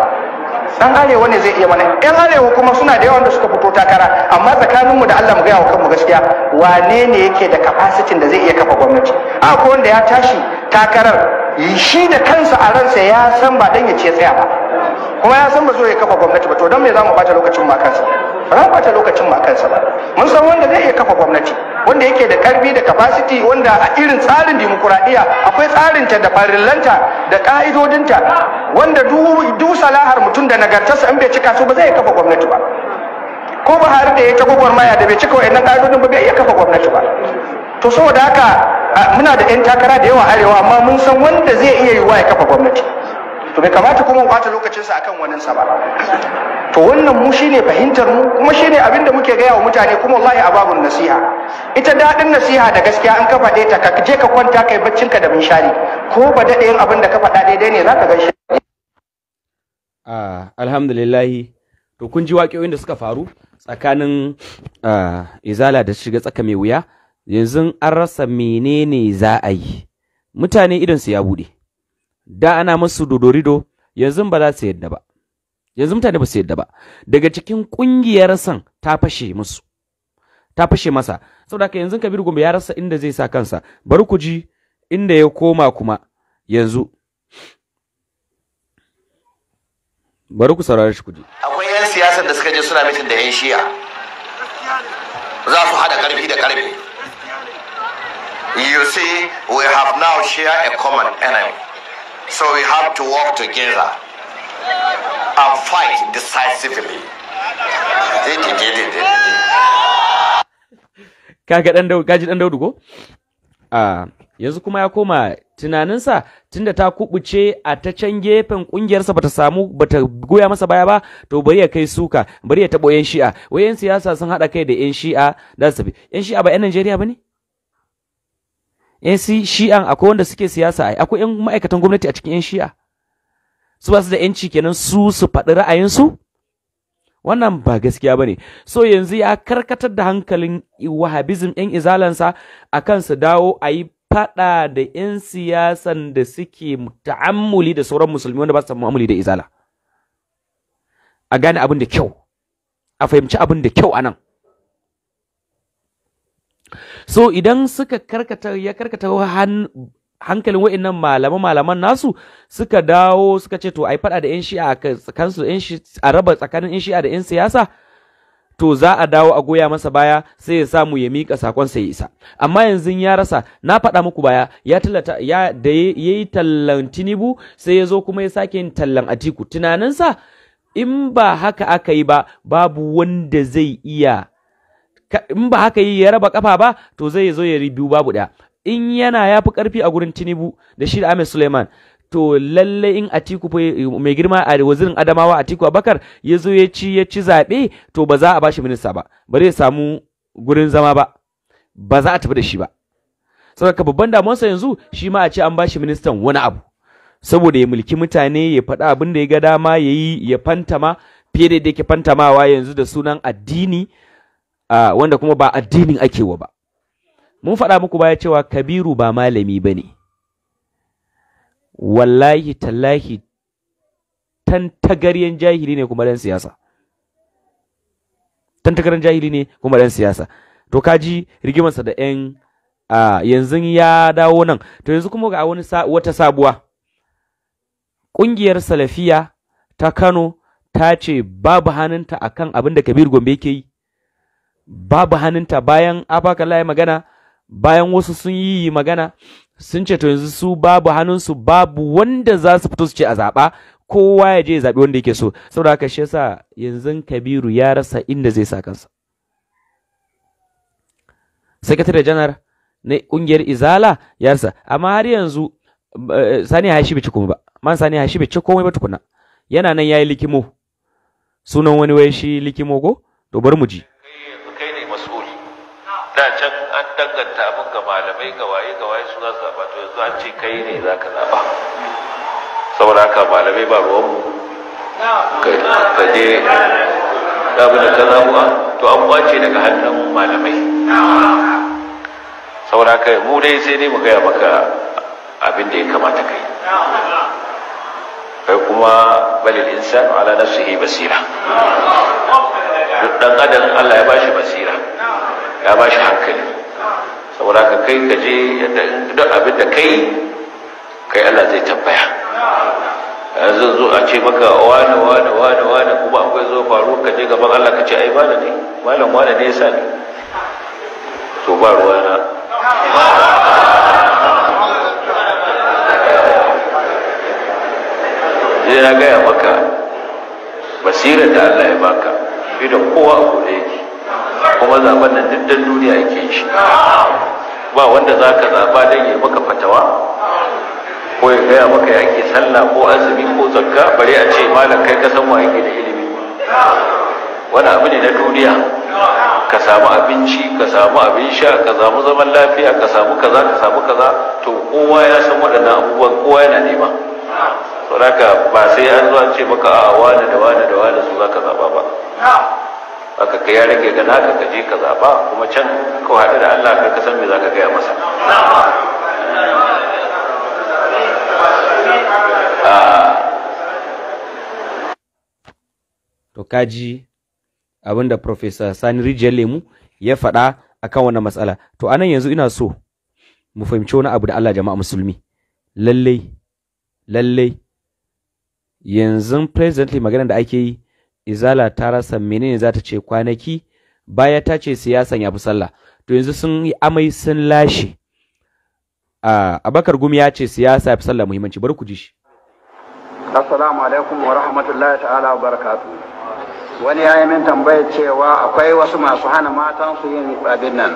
dan arewa ne zai iya mana yan arewa kuma suna da yawan da suka fito takara amma tsakanin mu da Allah mu ga wa kanmu gaskiya wane ne yake da capacity da zai iya kafa gwamnati a ko wanda ya tashi takarar shi da kansa a ransa ya san ba dan ya ce tsaya ba kuma ya san ba zo ya kafa gwamnati ba to don me za mu bata lokacin ma kansa ba za mu bata lokacin ma kansa ba mun san wanda zai iya kafa gwamnati wanda yake da karfi da capacity wanda a irin tsarin dimokuraɗiyya akwai tsarinta da farillanta da ƙa'idodinta wanda du salahar mutum da nagartarsa in bai cika su ba zai kafa gwamnati ba ko Buhari da ya ta gwagwarmaya da bai cika wa'annan ka'idodin ba bai iya kafa gwamnati ba to saboda haka muna da 'yan takara da yawa arewa amma mun san wanda zai iya yiwuwa ya kafa gwamnati to bai kamata kuma mu bata lokacinsa akan wannan sa ba to wannan mu shine fahimtar mu kuma shine abin da muke gaya wa mutane kuma wallahi ababun nasiha ita dadin nasiha da gaskiya an ka faɗe ta ka je ka kwanta kai baccin ka da shari, ko ba daɗe yin abin da ka faɗa daidai ne zaka ganshi shi ah, alhamdulillah to kun ji waƙoƙin da suka faru tsakanin ah, izala da shiga tsaka mai wuya yanzu an rasa menene za a yi mutane su ya bude. da ana musu dodorido yanzu ba za su yadda ba yanzu mutane ba su yadda ba daga cikin kungiyar san ta fashe musu ta fashe masa saboda ka yanzu Kabiru Gombe ya rasa inda zai sa kansa bari ku ji inda ya koma kuma yanzu bari ku saurare shi ku ji akwai yan siyasar da suka je suna mitin da yan shiya. za su hada karfi da karfi you see we have now share a common enemy So we have to work together and fight decisively. Kaga dan dau gaji dan Daudu ko? Ah, yanzu kuma ya koma tunaninsa tunda ta kubuce a ta can gefen kungiyarsa bata samu bata goya masa baya ba to bari ya kai suka bari ya tabo yan shi'a wai yan siyasa sun haɗa kai da yan shi'a da su yan shi'a ba yan Najeriya ne. yan shi'an akwai wanda suke siyasa ai akwai yan ma'aikatan gwamnati a cikin yan shi'a su ba su da yanci kenan su su faɗi ra'ayinsu wannan ba gaskiya ba ne. so yanzu ya karkatar da hankalin wahabism yan izalansa kan su dawo a yi faɗa da yan siyasan da suke ta'ammuli da sauran musulmi wanda ba su ta'ammuli da izala a gane abin da kyau a fahimci abin da kyau a nan so idan suka karkata ya karkata hankalin wa'annan malaman malaman nasu suka dawo suka ce to ai faɗa da yan shi'a yan a raba tsakanin yan shi'a da yan siyasa to za a dawo a goya masa baya sai ya samu ya mika sakon sai isa amma yanzu ya rasa na faɗa muku baya ya tallata ya da yayi tallan tinibu sai ya zo kuma ya sake yin tallan Atiku tunaninsa in ba haka aka yi ba babu wanda zai iya in ba haka yi ya raba kafa ba to zai zo ya biyu babu ɗaya in yana ya fi ƙarfi a gurin Tinubu da shi da Ahmed Suleiman to lalle in Atiku mai girma a wazirin Adamawa Atiku Abakar ya zo ya ci ya ci zaɓe to ba za a ba shi minista ba ba zai samu gurin zama ba ba za a tafi da shi ba saboda babban damuwarsa yanzu shi ma a ce an ba shi ministan wani abu saboda ya mulki mutane ya faɗa abin da ya ga dama ya yi ya fantama fiye da yake fantamawa yanzu da sunan addini wanda kuma ba addinin ake wa ba mun faɗa muku baya cewa kabiru ba malami ba ne wallahi tallahi tantagaryen jahili ne kuma dan siyasa tantagaryen jahili ne kuma dan siyasa to kaji rigimarsa da yan yanzu ya dawo nan to yanzu kuma ga wani wata sabuwa ƙungiyar salafiya ta Kano ta ce babu hannunta akan abin da Kabir Gombe ke yi babu hannunta bayan afakalla ya magana bayan wasu sun yi magana sun ce to yanzu su babu hannunsu babu wanda za su fito su ce a zaɓa kowa ya je ya zaɓi wanda yake so saboda haka shi yasa yanzu kabiru ya rasa inda zai sa kansa sakatare janar na ƙungiyar izala ya rasa amma har yanzu eh, sani ya bai ci komai ba man sani ya bai ci komai ba tukuna yana nan yayi likimo sunan wani wai shi likimo ko to bari mu ji da can an danganta abin ga malamai ga waye ga waye su zaba to yanzu an ce kai ne za ka zaba saboda haka malamai ba ruwan mu ka je abin da ka zabuwa to an kwace daga hannun malamai saboda haka mu dai sai dai mu gaya maka abin da ya kamata kai kai kuma balil insanu ala nafsihi basira duk dan adam Allah ya bashi basira ya ba shi hankali saboda ka kai ka je duk abin da kai kai Allah zai tabbaya. yanzu zo a ce maka wane wane wane wane kuma akwai zo faru ka je gaban Allah ka ce ai malam ne malam wane ne yasa ne to ba ruwa na zai na gaya maka basirar da Allah ya baka bi da kowa a kuɗe kuma zaben nan duk dan duniya yake shi ba wanda za ka zaɓa don ya maka fatawa ko ya gaya maka ya ke sallah ko azumi ko zakka bare a ce malam kai ka san wa da ilimi wani abu ne na duniya ka samu abinci ka samu abin sha ka samu zaman lafiya ka samu kaza ka samu kaza to kowa ya san waɗannan abubuwan kowa yana nema saboda ba sai an zo an ce maka a wani da wani da wani su za ka zaɓa ba aka kai ya rage ga naka ka je ka zaba kuma can ka haɗu da Allah ka san me za ka gaya masa to kaji abinda Professor Sani Rijiyar Lemu ya faɗa akan wannan matsala to anan yanzu ina so mu fahimci wani abu da Allah jama'a musulmi lallai lallai yanzu presently maganar da ake yi izala ta rasa menene za ta ce kwanaki baya ta ce siyasan ya fi sallah to yanzu sun yi amai sun lashe abakar gumi ya ce siyasa ya fi sallah muhimmanci bari ku ji shi assalamu alaikum wa rahmatullahi ta'ala wa barakatu wani ya yi min tambaya cewa akwai wasu masu hana matan su yin abin nan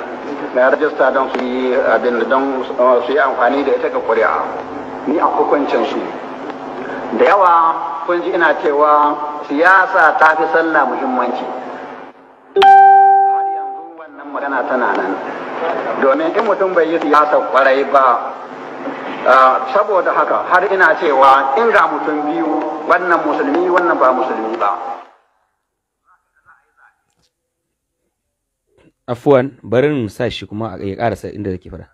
na rajista don su yi abin don su yi amfani da ita ga kuri'a ni a hukuncin su da yawa kun ji ina cewa siyasa ta fi sallah muhimmanci har yanzu wannan magana tana nan domin in mutum bai yi siyasa kwarai ba saboda haka har ina cewa in ga mutum biyu wannan musulmi wannan ba musulmi ba afuwan barin sa shi kuma a ya karasa inda da ke fara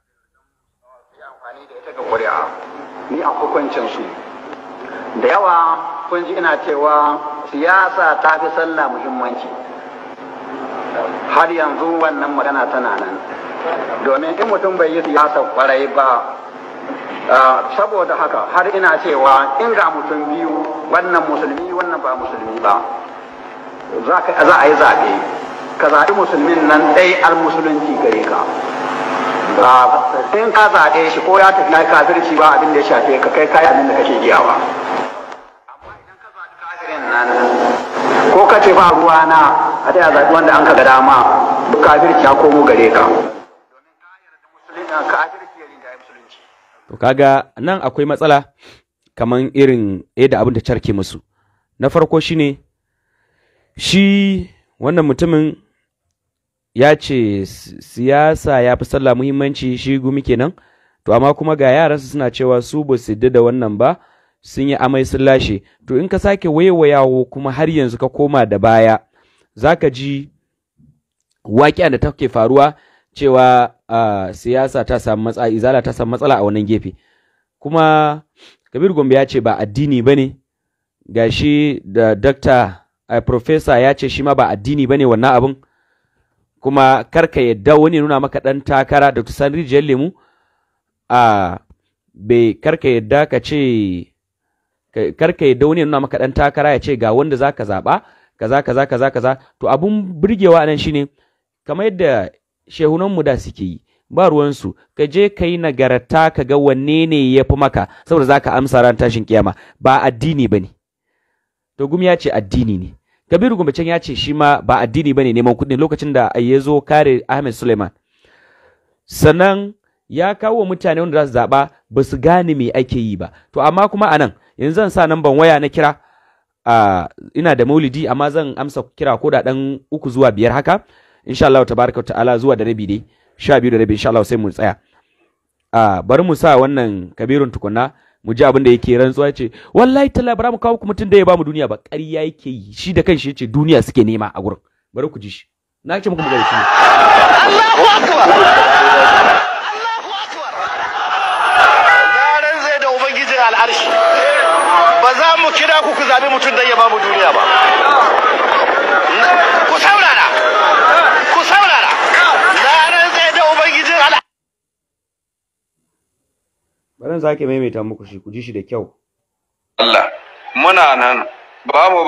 ni a hukuncin su da yawa kun ji ina cewa siyasa ta fi sallah muhimmanci har yanzu wannan magana tana nan domin in mutum bai yi siyasa kwarai ba saboda haka har ina cewa in ga mutum biyu wannan musulmi wannan ba musulmi ba za a yi zaɓe ka zaɓi musulmin nan ɗai al musulunci gare ka in ka zaɓe shi ko ya tafi na kafirci ba abin da ya shafe ka kai kayan abin da kake giyawa ko ka ce ba ruwa na a ta zaɓi wanda an ka ga dama duk kafirci ya komo gare ka to kaga nan akwai matsala kaman irin yadda abin da carke musu na farko shine shi wannan mutumin ya ce siyasa ya fi sallah muhimmanci shi gumi kenan to amma kuma ga yaransu suna cewa su ba su da wannan ba sun yi amai sun lashe to in ka sake waiwayawo kuma har yanzu ka koma da baya za ka ji waƙiya da take faruwa cewa siyasa ta samu matsala izala ta samu matsala a wannan gefe kuma kabir gombe ya ce ba addini ba ne shi da dokta a profesa ya ce shi ma ba addini ba ne wannan abin kuma karka yadda wani nuna maka ɗan takara da tusan rijiyar lemu a bai karka yadda ka ce kar ka yadda wani nuna maka dan takara ya ce ga wanda zaka zaba kaza kaza kaza kaza to abun burgewa nan shine kamar yadda shehunan mu da suke yi ba ruwansu ka je ka yi nagarta ka ga wanne ne yafi maka saboda za ka amsa ran tashin kiyama ba addini ba to gumi ya ce addini ne kabiru gumbacin ya ce shi ma ba addini ba neman kuɗi lokacin da ya zo kare ahmed suleiman sannan ya kawo mutane wanda za su zaɓa ba su gane me ake yi ba to amma kuma anan yanzu zan sa nan ban waya na kira uh, ina da maulidi amma zan amsa kira ko da dan uku zuwa biyar haka insha Allah tabaraka ta'ala zuwa da rabi dai sha biyu da rabi insha Allah sai mu tsaya uh, bari mu sa wannan kabirun tukunna mu ji abin da yake rantsuwa ce wallahi talla bara mu kawo ku mutum da ya bamu duniya ba ƙarya yake yi shi da kanshi yace duniya suke nema a gurin bari ku ji shi na ce muku mu gari shi Allahu akbar Allahu akbar Na ranzai da ubangijin al'arshi za mu kira ku ku zaɓi mutum don ya ba mu duniya ba ku saurara ku saurara ranar tsaye da ubangijin ala bari ki maimaita muku shi ku ji shi da kyau Allah muna nan ba mu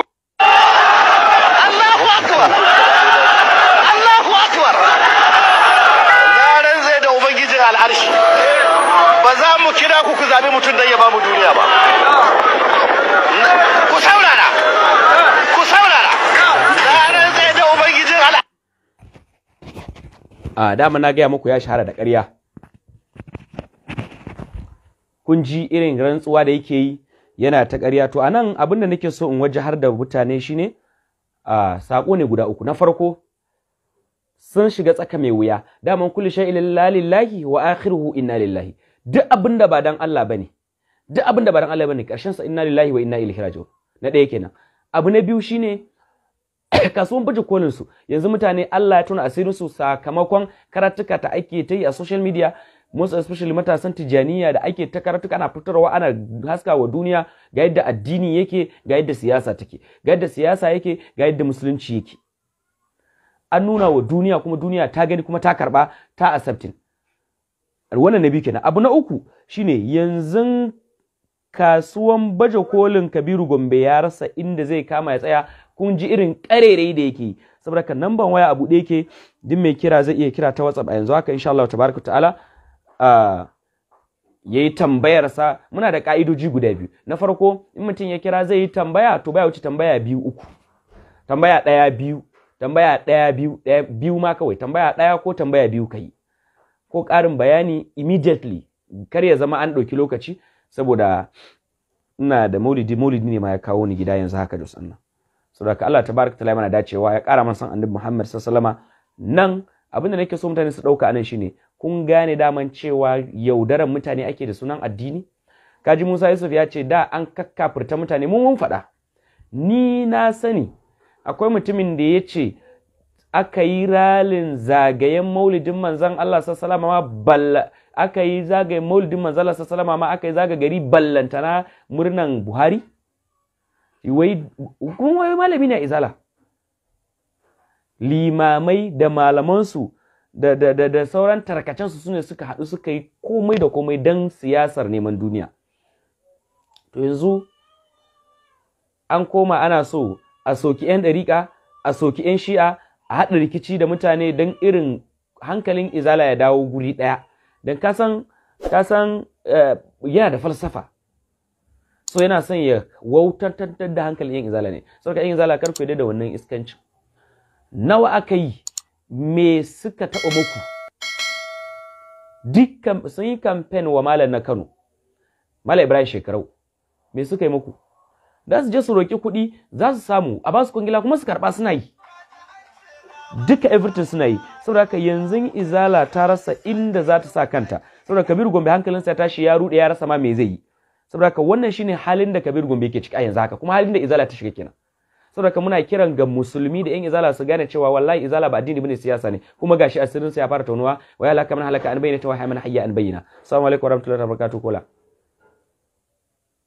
Allahu akbar Allahu akbar ranar zai da ubangijin al'arshi ba za mu kira ku ku zaɓi mutum don ya ba mu duniya ba ku saurara a dama na gaya muku ya shahara da ƙarya kun ji irin rantsuwa da yake yi yana ta ƙarya to anan abin da nake so in waje har da mutane shine a sako ne guda uku na farko sun shiga tsaka mai wuya daman kulli shay'in lillahi wa akhiruhu inna lillahi duk abinda ba dan Allah bane duk abin da ba dan Allah bane karshen sa inna lillahi wa inna ilaihi raji'un na ɗaya kenan abu na biyu shine [coughs] kasuwan baje kolin su yanzu mutane Allah ya tuna asirin su sakamakon karatuka ta ake ta yi a social media most especially matasan tijaniya da ake ta karatuka ana fitarwa ana haska wa duniya ga yadda addini yake ga yadda siyasa take ga yadda siyasa yake ga yadda musulunci yake an nuna wa duniya kuma duniya ta gani kuma ta karba ta accepting wannan na biyu kenan abu na uku shine yanzu kasuwan baje kolin kabiru gombe ya rasa inda zai kama ya tsaya kun ji irin karerai da yake saboda ka namban waya abu ɗaya ke duk mai kira zai iya kira ta whatsapp a yanzu haka insha Allah tabaraka ta'ala ya yi sa. muna da ka'idoji guda biyu na farko in mutum ya kira zai yi tambaya to baya wuce tambaya biyu uku tambaya ɗaya biyu tambaya ɗaya biyu ɗaya biyu ma kawai tambaya ɗaya ko tambaya biyu kai ko ƙarin bayani immediately kar ya zama an ɗauki lokaci saboda ina da maulidi maulidi ne ma ya kawo ni gida yanzu haka da sanna saboda ka Allah tabaraka taala mana dacewa ya kara man san Annabi Muhammad sallallahu alaihi nan abinda nake so mutane su dauka anan shine kun gane daman cewa yaudaran mutane ake da sunan addini kaji Musa Yusuf ya ce da an kakkafurta mutane mun mun faɗa ni na sani akwai mutumin da ya ce aka yi ralin zagayen maulidin manzon Allah sallallahu alaihi wasallam aka yi zagaye maulidin manzala sassalama ma aka yi zaga gari ballantana murnan buhari wai malami na izala limamai da malamansu da, da, da, da sauran tarkacensu su ne suka haɗu suka yi komai da komai don siyasar neman duniya to yanzu an koma ana so a soki 'yan ɗariƙa a soki 'yan shi'a a haɗa rikici da mutane don irin hankalin izala ya dawo guri ɗaya don kasan kasan eh, yana da falsafa so yana son ya wautantar da hankalin yin izala ne ka yin izala kar ku da wannan iskancin nawa aka yi me suka taɓa muku dukkan sun yi kamfen wa malam na Kano malam Ibrahim Shekarau me suka yi muku za su je su roki kuɗi za su samu a ba su kungila kuma su karɓa suna yi duka Everton suna yi saboda haka yanzu izala ta rasa inda za ta sa kanta saboda kabiru gombe hankalinsa ya tashi ya rude ya rasa ma me zai yi saboda haka wannan shine halin da kabiru gombe yake ciki a yanzu haka kuma halin da izala ta shiga kenan saboda haka muna kiran ga musulmi da yan izala su gane cewa wallahi izala ba addini bane siyasa ne kuma gashi asirin sa ya fara taunuwa wa ya laka man halaka an bayyana ta wa man hayya an bayyana assalamu alaikum warahmatullahi wabarakatuh kola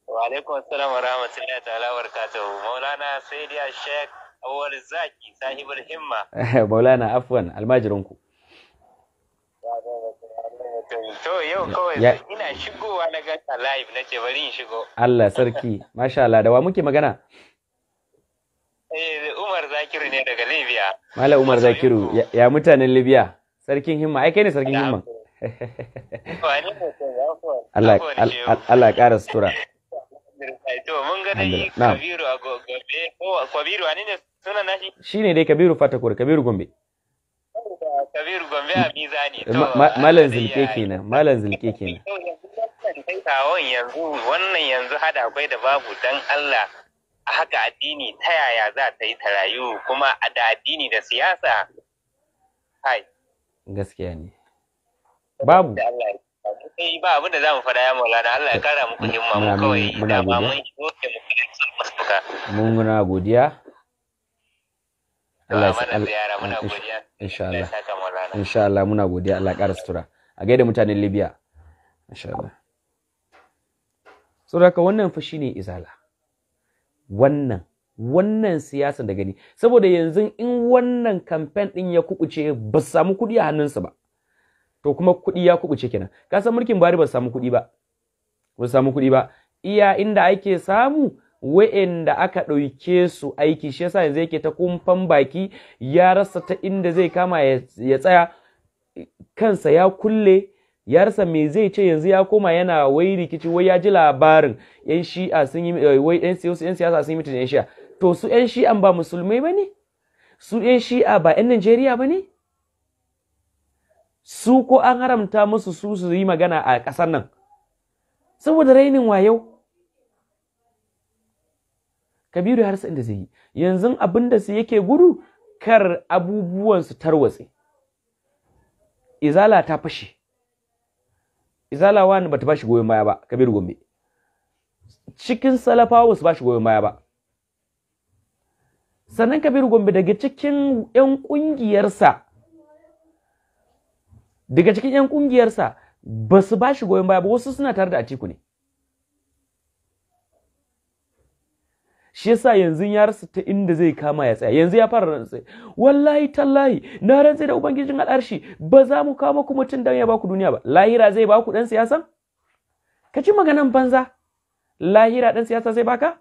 wa alaikum assalam wa rahmatullahi ta'ala wa barakatuh maulana sayyidi sheikh Zaki sahibar himma. Eh, Maulana afwan almajirinku. To yau kawai ina shigowa na ganta live na ce bari in shigo. Allah sarki, masha Allah, da wa muke magana? Eh Umar Zakiru ne daga Libya. Mala Umar Zakiru, ya mutanen Libya? Sarkin himma, ai kai ne sarkin himma. Allah Allah ƙara sutura. To mun gani dai Kabiru a gobe, Kabiru ne Sunan nashi? Shi ne dai Kabiru Fatakur, Kabiru Gombe. Kabiru Gombe a mizani. Malam zilke kenan, malam zilke kenan. [laughs] yanzu wannan yanzu hada akwai da babu dan Allah a haka addini ta yaya za ta yi ta rayu kuma da addini da siyasa hai gaskiya ne babu sai eh, ba abin da za mu fada ya maulana Allah ya kara muku himma mu kawai da ba mun shi ne mu mun muna godiya Allah ya muna godiya insha Allah insha Allah muna godiya Allah ƙara sutura a gaida mutanen Libya insha Allah saboda wannan fa shine izala wannan wannan siyasan da gani saboda yanzu in wannan kamfen din ya kubuce ba su samu kuɗi a hannunsa ba to kuma kuɗi ya kubuce kenan ka san mulkin bari ba su samu kuɗi ba ba su samu kuɗi ba iya inda ake samu da aka ɗauke su aiki shi yasa yanzu yake ta kumfan baki ya rasa ta inda zai kama ya tsaya kansa ya kulle ya rasa me zai ce yanzu ya koma yana wai rikici wai ya ji labarin yan shi'a sun yi eh, wai yan siyasa sun yi yan shi'a to su yan shi'an ba musulmai bane su yan shi'a ba yan Najeriya bane su ko an haramta musu su su yi magana a ƙasar nan saboda rainin wayo kabiru har inda zai yi yanzu abin da su yake gudu kar abubuwan su tarwatse izala ta fashe izala wani ba ta bashi goyon baya ba kabiru gombe cikin salafawa su bashi goyon baya ba sannan kabiru gombe daga cikin yan kungiyarsa daga cikin yan kungiyarsa ba su bashi goyon baya ba wasu suna tare da atiku ne shi yasa yanzu ya rasa ta inda zai kama ya tsaya yanzu ya fara rantse wallahi tallahi na rantse da ubangijin al'arshi ba za mu kama ku mutum dan ya baku duniya ba lahira zai baku dan siyasa ka ci maganan banza lahira dan siyasa zai baka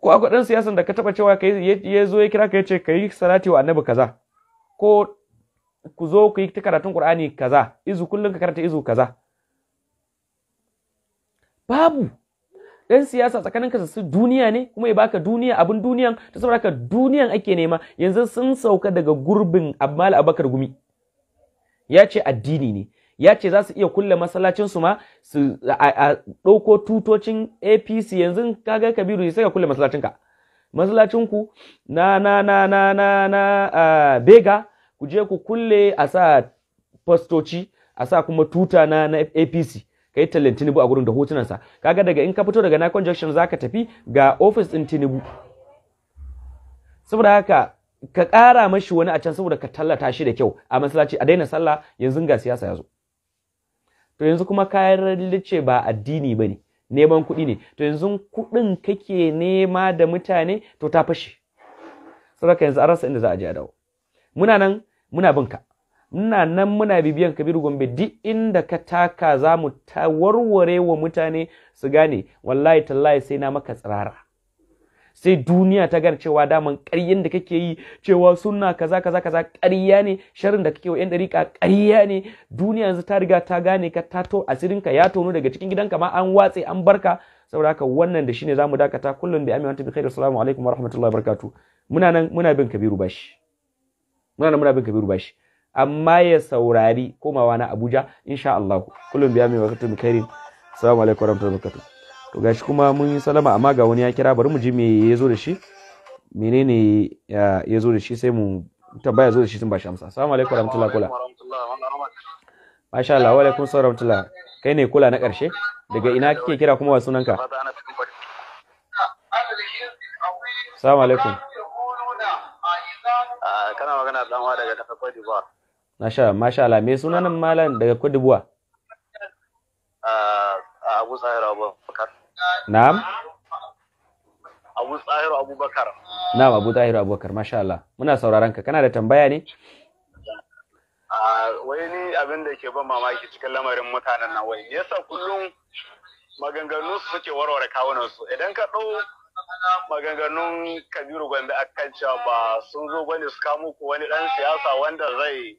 ko akwai dan siyasan da ka taba cewa kai ya zo ya kira ka yace kai salati wa annabi kaza ko ku zo ku yi ta karatun qur'ani kaza izu kullun ka karanta izu kaza babu dan siyasa tsakanin ka su duniya ne kuma ya baka duniya abin duniyan ta saboda ka duniyan ake nema yanzu sun sauka daga gurbin Abmal Abakar Gumi ya ce addini ne ya ce za su iya kulle masallacin su ma su a ɗauko tutocin APC yanzu kaga Kabiru sai ka kulle masallacin ka masallacin ku na na na na na na Bega ku je ku kulle a sa fastoci a sa kuma tuta na, na APC Ka yi tallan tinubu a gurin da hotunansa kaga daga in ka fito daga nakon junction zaka tafi ga ofis din tinubu saboda haka ka ƙara mashi wani a can saboda ka tallata shi da kyau a masallaci a daina sallah yanzu ga siyasa yazo zo to yanzu kuma kayan lice ba addini ba ne neman kuɗi ne to yanzu kuɗin kake nema da mutane to ta fashe saboda yanzu an rasa inda za a je a dawo muna nan muna bin ka ina nan muna bibiyan kabiru gombe duk inda ka taka za mu ta warware wa mutane su gane wallahi tallahi sai na maka tsirara sai duniya ta gane cewa daman ƙaryen da kake yi cewa suna kaza kaza kaza ƙarya ne sharrin da kake wa yan dariƙa ƙarya ne duniya yanzu ta riga ta gane ka ta to asirinka ya tono daga cikin gidanka ma an watse an barka saboda haka wannan da shine zamu dakata kullum bi amin bi khairu assalamu alaikum wa rahmatullahi wa barakatuh muna nan muna bin kabiru bashi muna nan muna bin kabiru bashi amma ya saurari komawa na Abuja insha Allah kullum biya mai wakatun karim salamu alaikum warahmatullahi wabarakatuh to gashi kuma mun yi salama amma ga wani ya kira bari mu ji me ya zo da shi menene ya zo da shi sai mu tambaya zo da shi sun ba shi amsa salamu alaikum warahmatullahi kula masha Allah wa alaikum salam warahmatullahi kai ne kula na karshe daga ina kike kira kuma wa sunanka salamu alaikum ah, kana magana dan daga Masha masha Allah me nan malam daga Kudubuwa? d'Ivoire? Abu Tsahir Abubakar. Na'am. Abu Tsahir Abubakar. Na'am Abu Tsahir Abubakar masha Allah. Muna sauraron ka kana da tambaya ne? wai ni abin da ke ban mamaki cikin lamarin mutanen nan wai yasa kullum maganganu su suke warware kawunansu? su idan ka ɗau maganganun Kabiru Gombe akan cewa ba sun zo bane su kamo ku wani dan siyasa wanda zai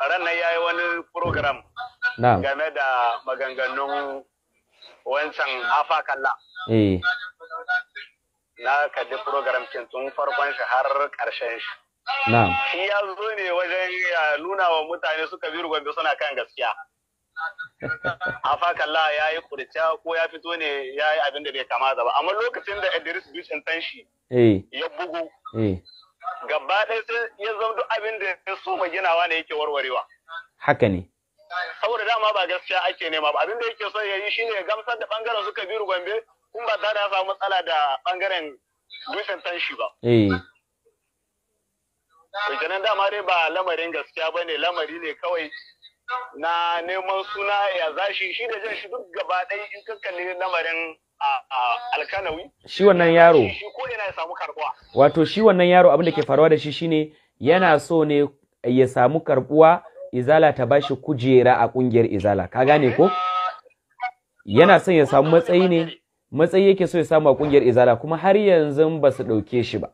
ranar ya yi wani program game da maganganun wancan hafa kalla. Eh. Na kalli program cin tun farkon shi har ƙarshen shi. Shi ya zo ne wajen ya nuna wa mutane suka biyu rugwabe suna kan gaskiya. Hafa [laughs] kalla ya yi kurciya ko ya fito ne ya yi abin da bai kamata ba. Amma lokacin da Idris Bishin tanshi eh. ya bugu. Eh. gaba ɗaya sai ya duk abin da ya so mai ginawa ne yake warwarewa haka ne saboda dama ba gaskiya ake nema ba abin da yake so ya yi shi ne gamsar da ɓangaren su Kabiru Gombe kun ba za da samu matsala da bangaren dutsen tanshi ba eh to dama dai ba lamarin gaskiya ba ne, lamari ne kawai na neman suna ya zashi shi da jan shi duk gaba ɗaya in kakkalin lamarin alkanawi shi wannan yaro shi ko yana ya samu karbuwa wato shi wannan yaro abin da ke faruwa da shi shine yana ah. so ne ya samu karbuwa izala ta bashi kujera a kungiyar izala ka gane ko yana son ya samu matsayi ne matsayi yake so ya samu a kungiyar izala kuma har yanzu ba su dauke shi ba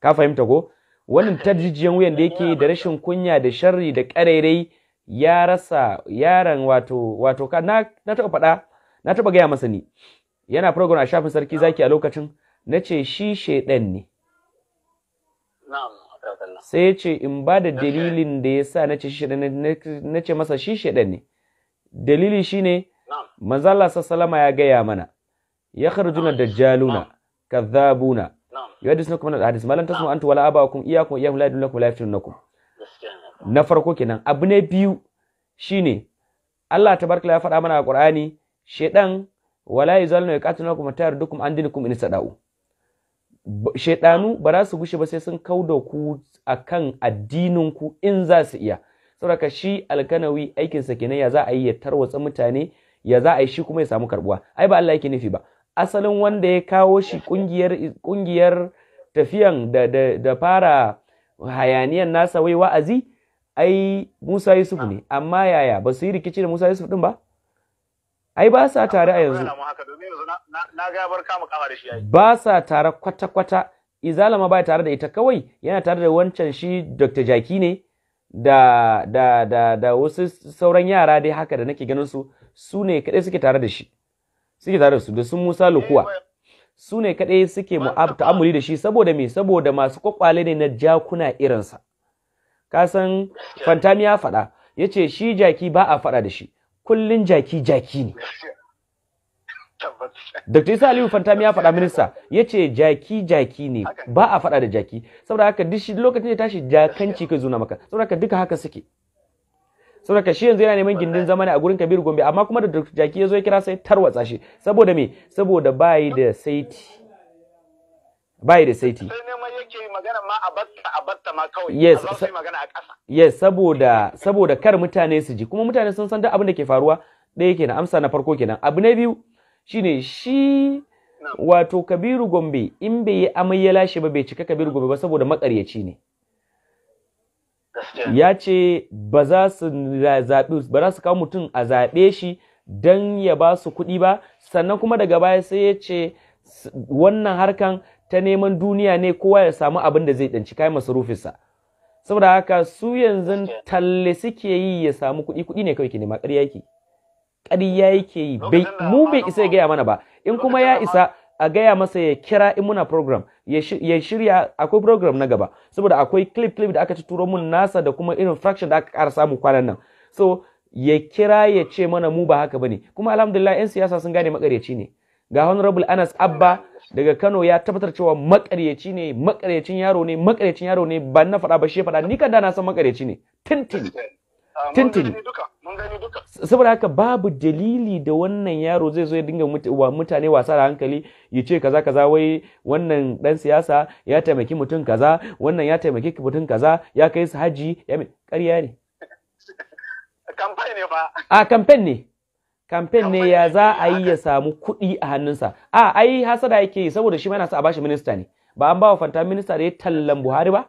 ka fahimta ko wannan tarjijiyan wuyan da yake da rashin kunya da sharri da karairai ya rasa yaran wato wato na na taɓa faɗa na gaya masa ni yana program a shafin sarki zaki a lokacin na ce shi shaidan ne sai ya ce in ba da dalilin da ya sa na ce shi na ce masa shi shaidan ne dalili shine manzala sassalama ya gaya mana ya kharjuna dajjaluna kadhabuna yuhaddisuna kuma da hadis malam tasmu antu wala abakum iyakum iyakum la yadullakum la yaftinunakum na farko kenan abu ne biyu shine Allah Ta tabaraka ya faɗa mana a ƙur'ani, shedan wala yazalna yaqatunakum hatta yardukum an kuma in sada'u shaidanu ba za su gushe ba sai sun kau da ku akan addinin ku in za su iya saboda shi alkanawi aikinsa sa kenan ya za a yi ya tarwatsa mutane ya za a yi shi kuma ya samu karbuwa ai ba Allah yake nufi ba asalin wanda ya kawo shi kungiyar kungiyar tafiyan da da, da fara hayaniyan nasa wai wa'azi ai Musa Yusuf ne amma yaya ba su yi rikici da Musa Yusuf din ba ai ba sa tare a yanzu ba sa tare kwata-kwata izalama ba tare da ita kawai yana tare da wancan shi dr jaki ne da da da da wasu sauran yara dai haka da nake ganin su su ne kadai suke tare da shi suke tare da su da sun musa lukuwa eh, su ne kadai suke ta'amuli da shi saboda me saboda masu kwakwale ne na jakuna irinsa ka san fantami ya faɗa ya ce shi jaki ba a faɗa da shi kullun jaki jaki ne [laughs] Dr. Isa Aliyu Fantam ya faɗa minista ya ce jaki jaki ne ba a faɗa da jaki saboda haka duk lokacin ya tashi jakanci kai zuna maka saboda haka duka haka suke saboda ka shi yanzu yana neman gindin zama ne a gurin Kabir Gombe amma kuma da Dr. Jaki ya zo ya kira sai tarwatsa shi saboda me saboda bayi da saiti bayi da saiti ake magana ma a batta a batta ma kawai yes a magana a ƙasa yes saboda saboda kar mutane su ji kuma mutane sun san duk abin da ke faruwa ɗaya kenan amsa na farko kenan abu na biyu shine shi wato kabiru gombe in bai yi amai ya lashe ba bai cika kabiru gombe ba saboda makaryaci ne ya ce ba za su ba za su kawo mutum a zaɓe shi dan ya ba su kuɗi ba sannan kuma daga baya sai ya ce wannan harkan ta neman duniya ne kowa ya samu abin da zai ɗanci kayan masarufinsa saboda haka su yanzu talle suke yi ya samu kuɗi kuɗi ne kawai ke nema ƙarya yake ƙarya yake yi mu bai isa ya gaya mana ba in kuma ya isa a gaya masa ya kira in muna program ya shirya akwai program na gaba saboda akwai clip clip da aka ci turo mun nasa da kuma irin fraction da aka ƙara samu kwanan nan so ya kira ya ce mana mu ba haka bane kuma alhamdulillah yan siyasa sun gane makaryaci ne ga honorable Anas Abba daga Kano ya tabbatar cewa makaryaci ne makaryacin yaro ne makaryacin yaro ne ba na faɗa ba shi faɗa ni kada na san makaryaci ne tintin eh, ah, tintin saboda haka babu dalili da wannan yaro zai zo ya dinga wa mutane wasa da hankali ya ce kaza kaza wai wannan dan siyasa ya taimaki mutum kaza wannan ya taimaki mutum kaza ya kai su haji ya ƙarya ne kamfen [laughs] ne ba a kamfen ne kamfen ne ya za a yi ya samu kuɗi a hannunsa a ai hasada yake yi saboda shi mana sa a bashi minista ne ba an ba wa fanta minista da ya tallan Buhari ba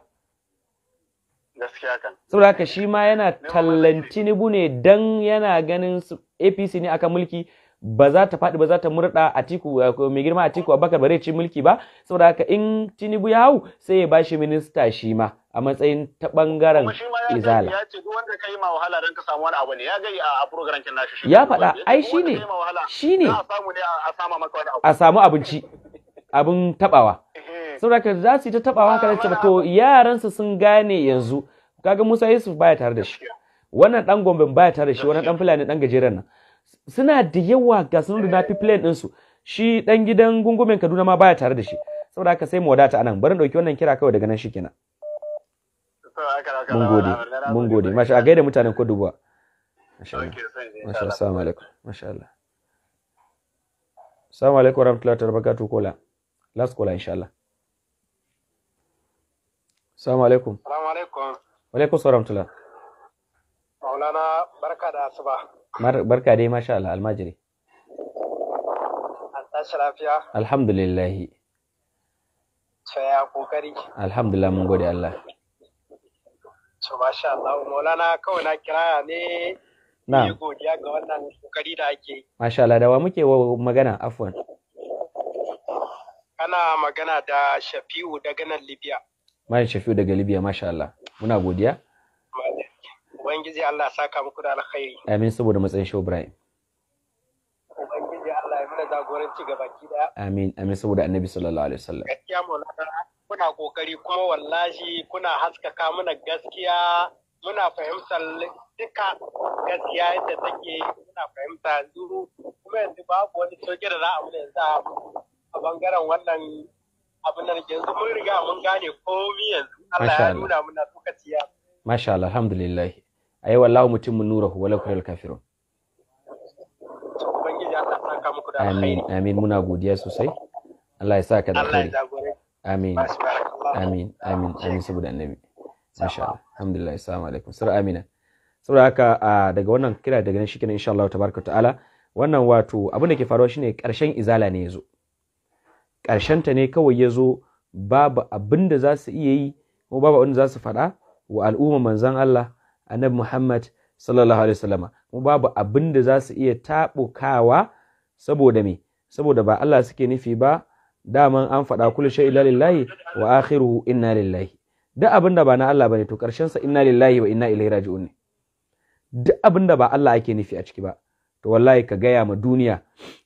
saboda haka shi ma yana tallan Tinubu ne dan yana ganin APC ne akan mulki ba za ta faɗi ba za ta murɗa a tiku eh, mai girma a tiku abakar ba zai ci mulki ba saboda haka in tinubu ya hau sai ya bashi minista shi ma a matsayin ta bangaren izala ya faɗa ai shi ne shi ne a samu abinci abin taɓawa. Eh. saboda haka za su yi ta tabawa ah, haka to yaransu sun gane yanzu kaga Musa Yusuf baya tare da shi wannan ɗan Gombe baya tare da shi wannan ɗan Fulani ɗan gajeren nan suna da yawa ga da na fi din su shi ɗan gidan gungumen kaduna ma baya tare da shi saboda haka sai mu wadata anan barin dauki wannan kira kawai daga nan shi kenan mun gode mun gode masha a gaida mutanen masha Allah alaikum masha alaikum maulana barka da asuba barka dai masha Allah almajiri alhamdulillahi to ya kokari alhamdulillah mun gode Allah to masha Allah maulana kawai na kiraya ne na godiya ga wannan kokari da ake masha Allah da wa muke magana afwan ana magana da Shafi'u daga nan Libya. mai Shafi'u daga Libya, masha Allah. Muna godiya? Ubangiji Allah saka muku da alkhairi. Amin saboda matsayin Shehu Ibrahim. Ubangiji Allah ya mana jagoranci ga baki daya. Amin amin saboda Annabi sallallahu alaihi wasallam. Gaskiya Maulana kuna kokari kuma wallahi kuna haskaka mana gaskiya muna fahimtar duka gaskiya yadda take muna fahimta zuru kuma yanzu babu wani soke da za a mun yanzu a bangaren wannan abin nan yanzu mun riga mun gane komi yanzu Allah ya nuna muna lokaci ya. Masha Allah alhamdulillah. ai wallahu mutimmun nurahu walau kural kafirun amin amin muna godiya sosai Allah ya sa ka da amin amin amin amin saboda annabi masha Allah alhamdulillah assalamu alaikum Sura amina saboda haka daga wannan kira daga nan shikenan insha Allah tabaraka ta'ala wannan wato abin da ke faruwa shine karshen izala ne yazo karshen ta ne kawai yazo babu abin da za su iya yi ko babu abin da za su faɗa wa al'umma manzon Allah annabi Muhammad sallallahu alaihi wasallama kuma babu abin da za su iya taɓukawa saboda me saboda ba Allah suke nufi ba daman an faɗa kullu shay'in lillahi wa akhiruhu inna lillahi duk abin da ba na Allah bane to karshen sa inna lillahi wa inna ilaihi raji'un ne duk abin da ba Allah ake nufi a ciki ba to wallahi ka gaya ma duniya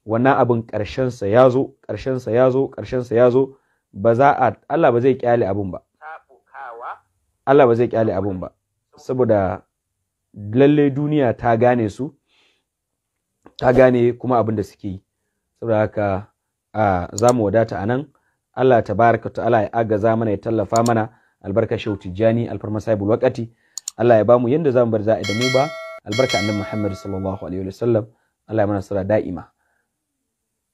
wannan abin karshen sa yazo karshen sa yazo karshen sa yazo ba za a Allah ba zai kyale abun ba Allah ba zai kyale abun ba saboda lalle duniya ta gane su ta gane kuma abin da suke yi saboda haka za mu wadata a nan Allah ta baraka ta allah ya agaza mana ya tallafa mana albarka shau tijjani alfarma sahibul wakati Allah ya bamu yanda zamu bar za'i da mu ba albarka annan Muhammad sallallahu alaihi wa sallam Allah ya mana sura da'ima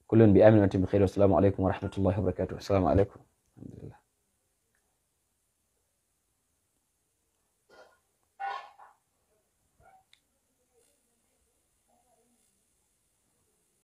kullun bi amin wa antum bi khair wa assalamu alaikum wa rahmatullahi wa barakatuh assalamu alaikum alhamdulillah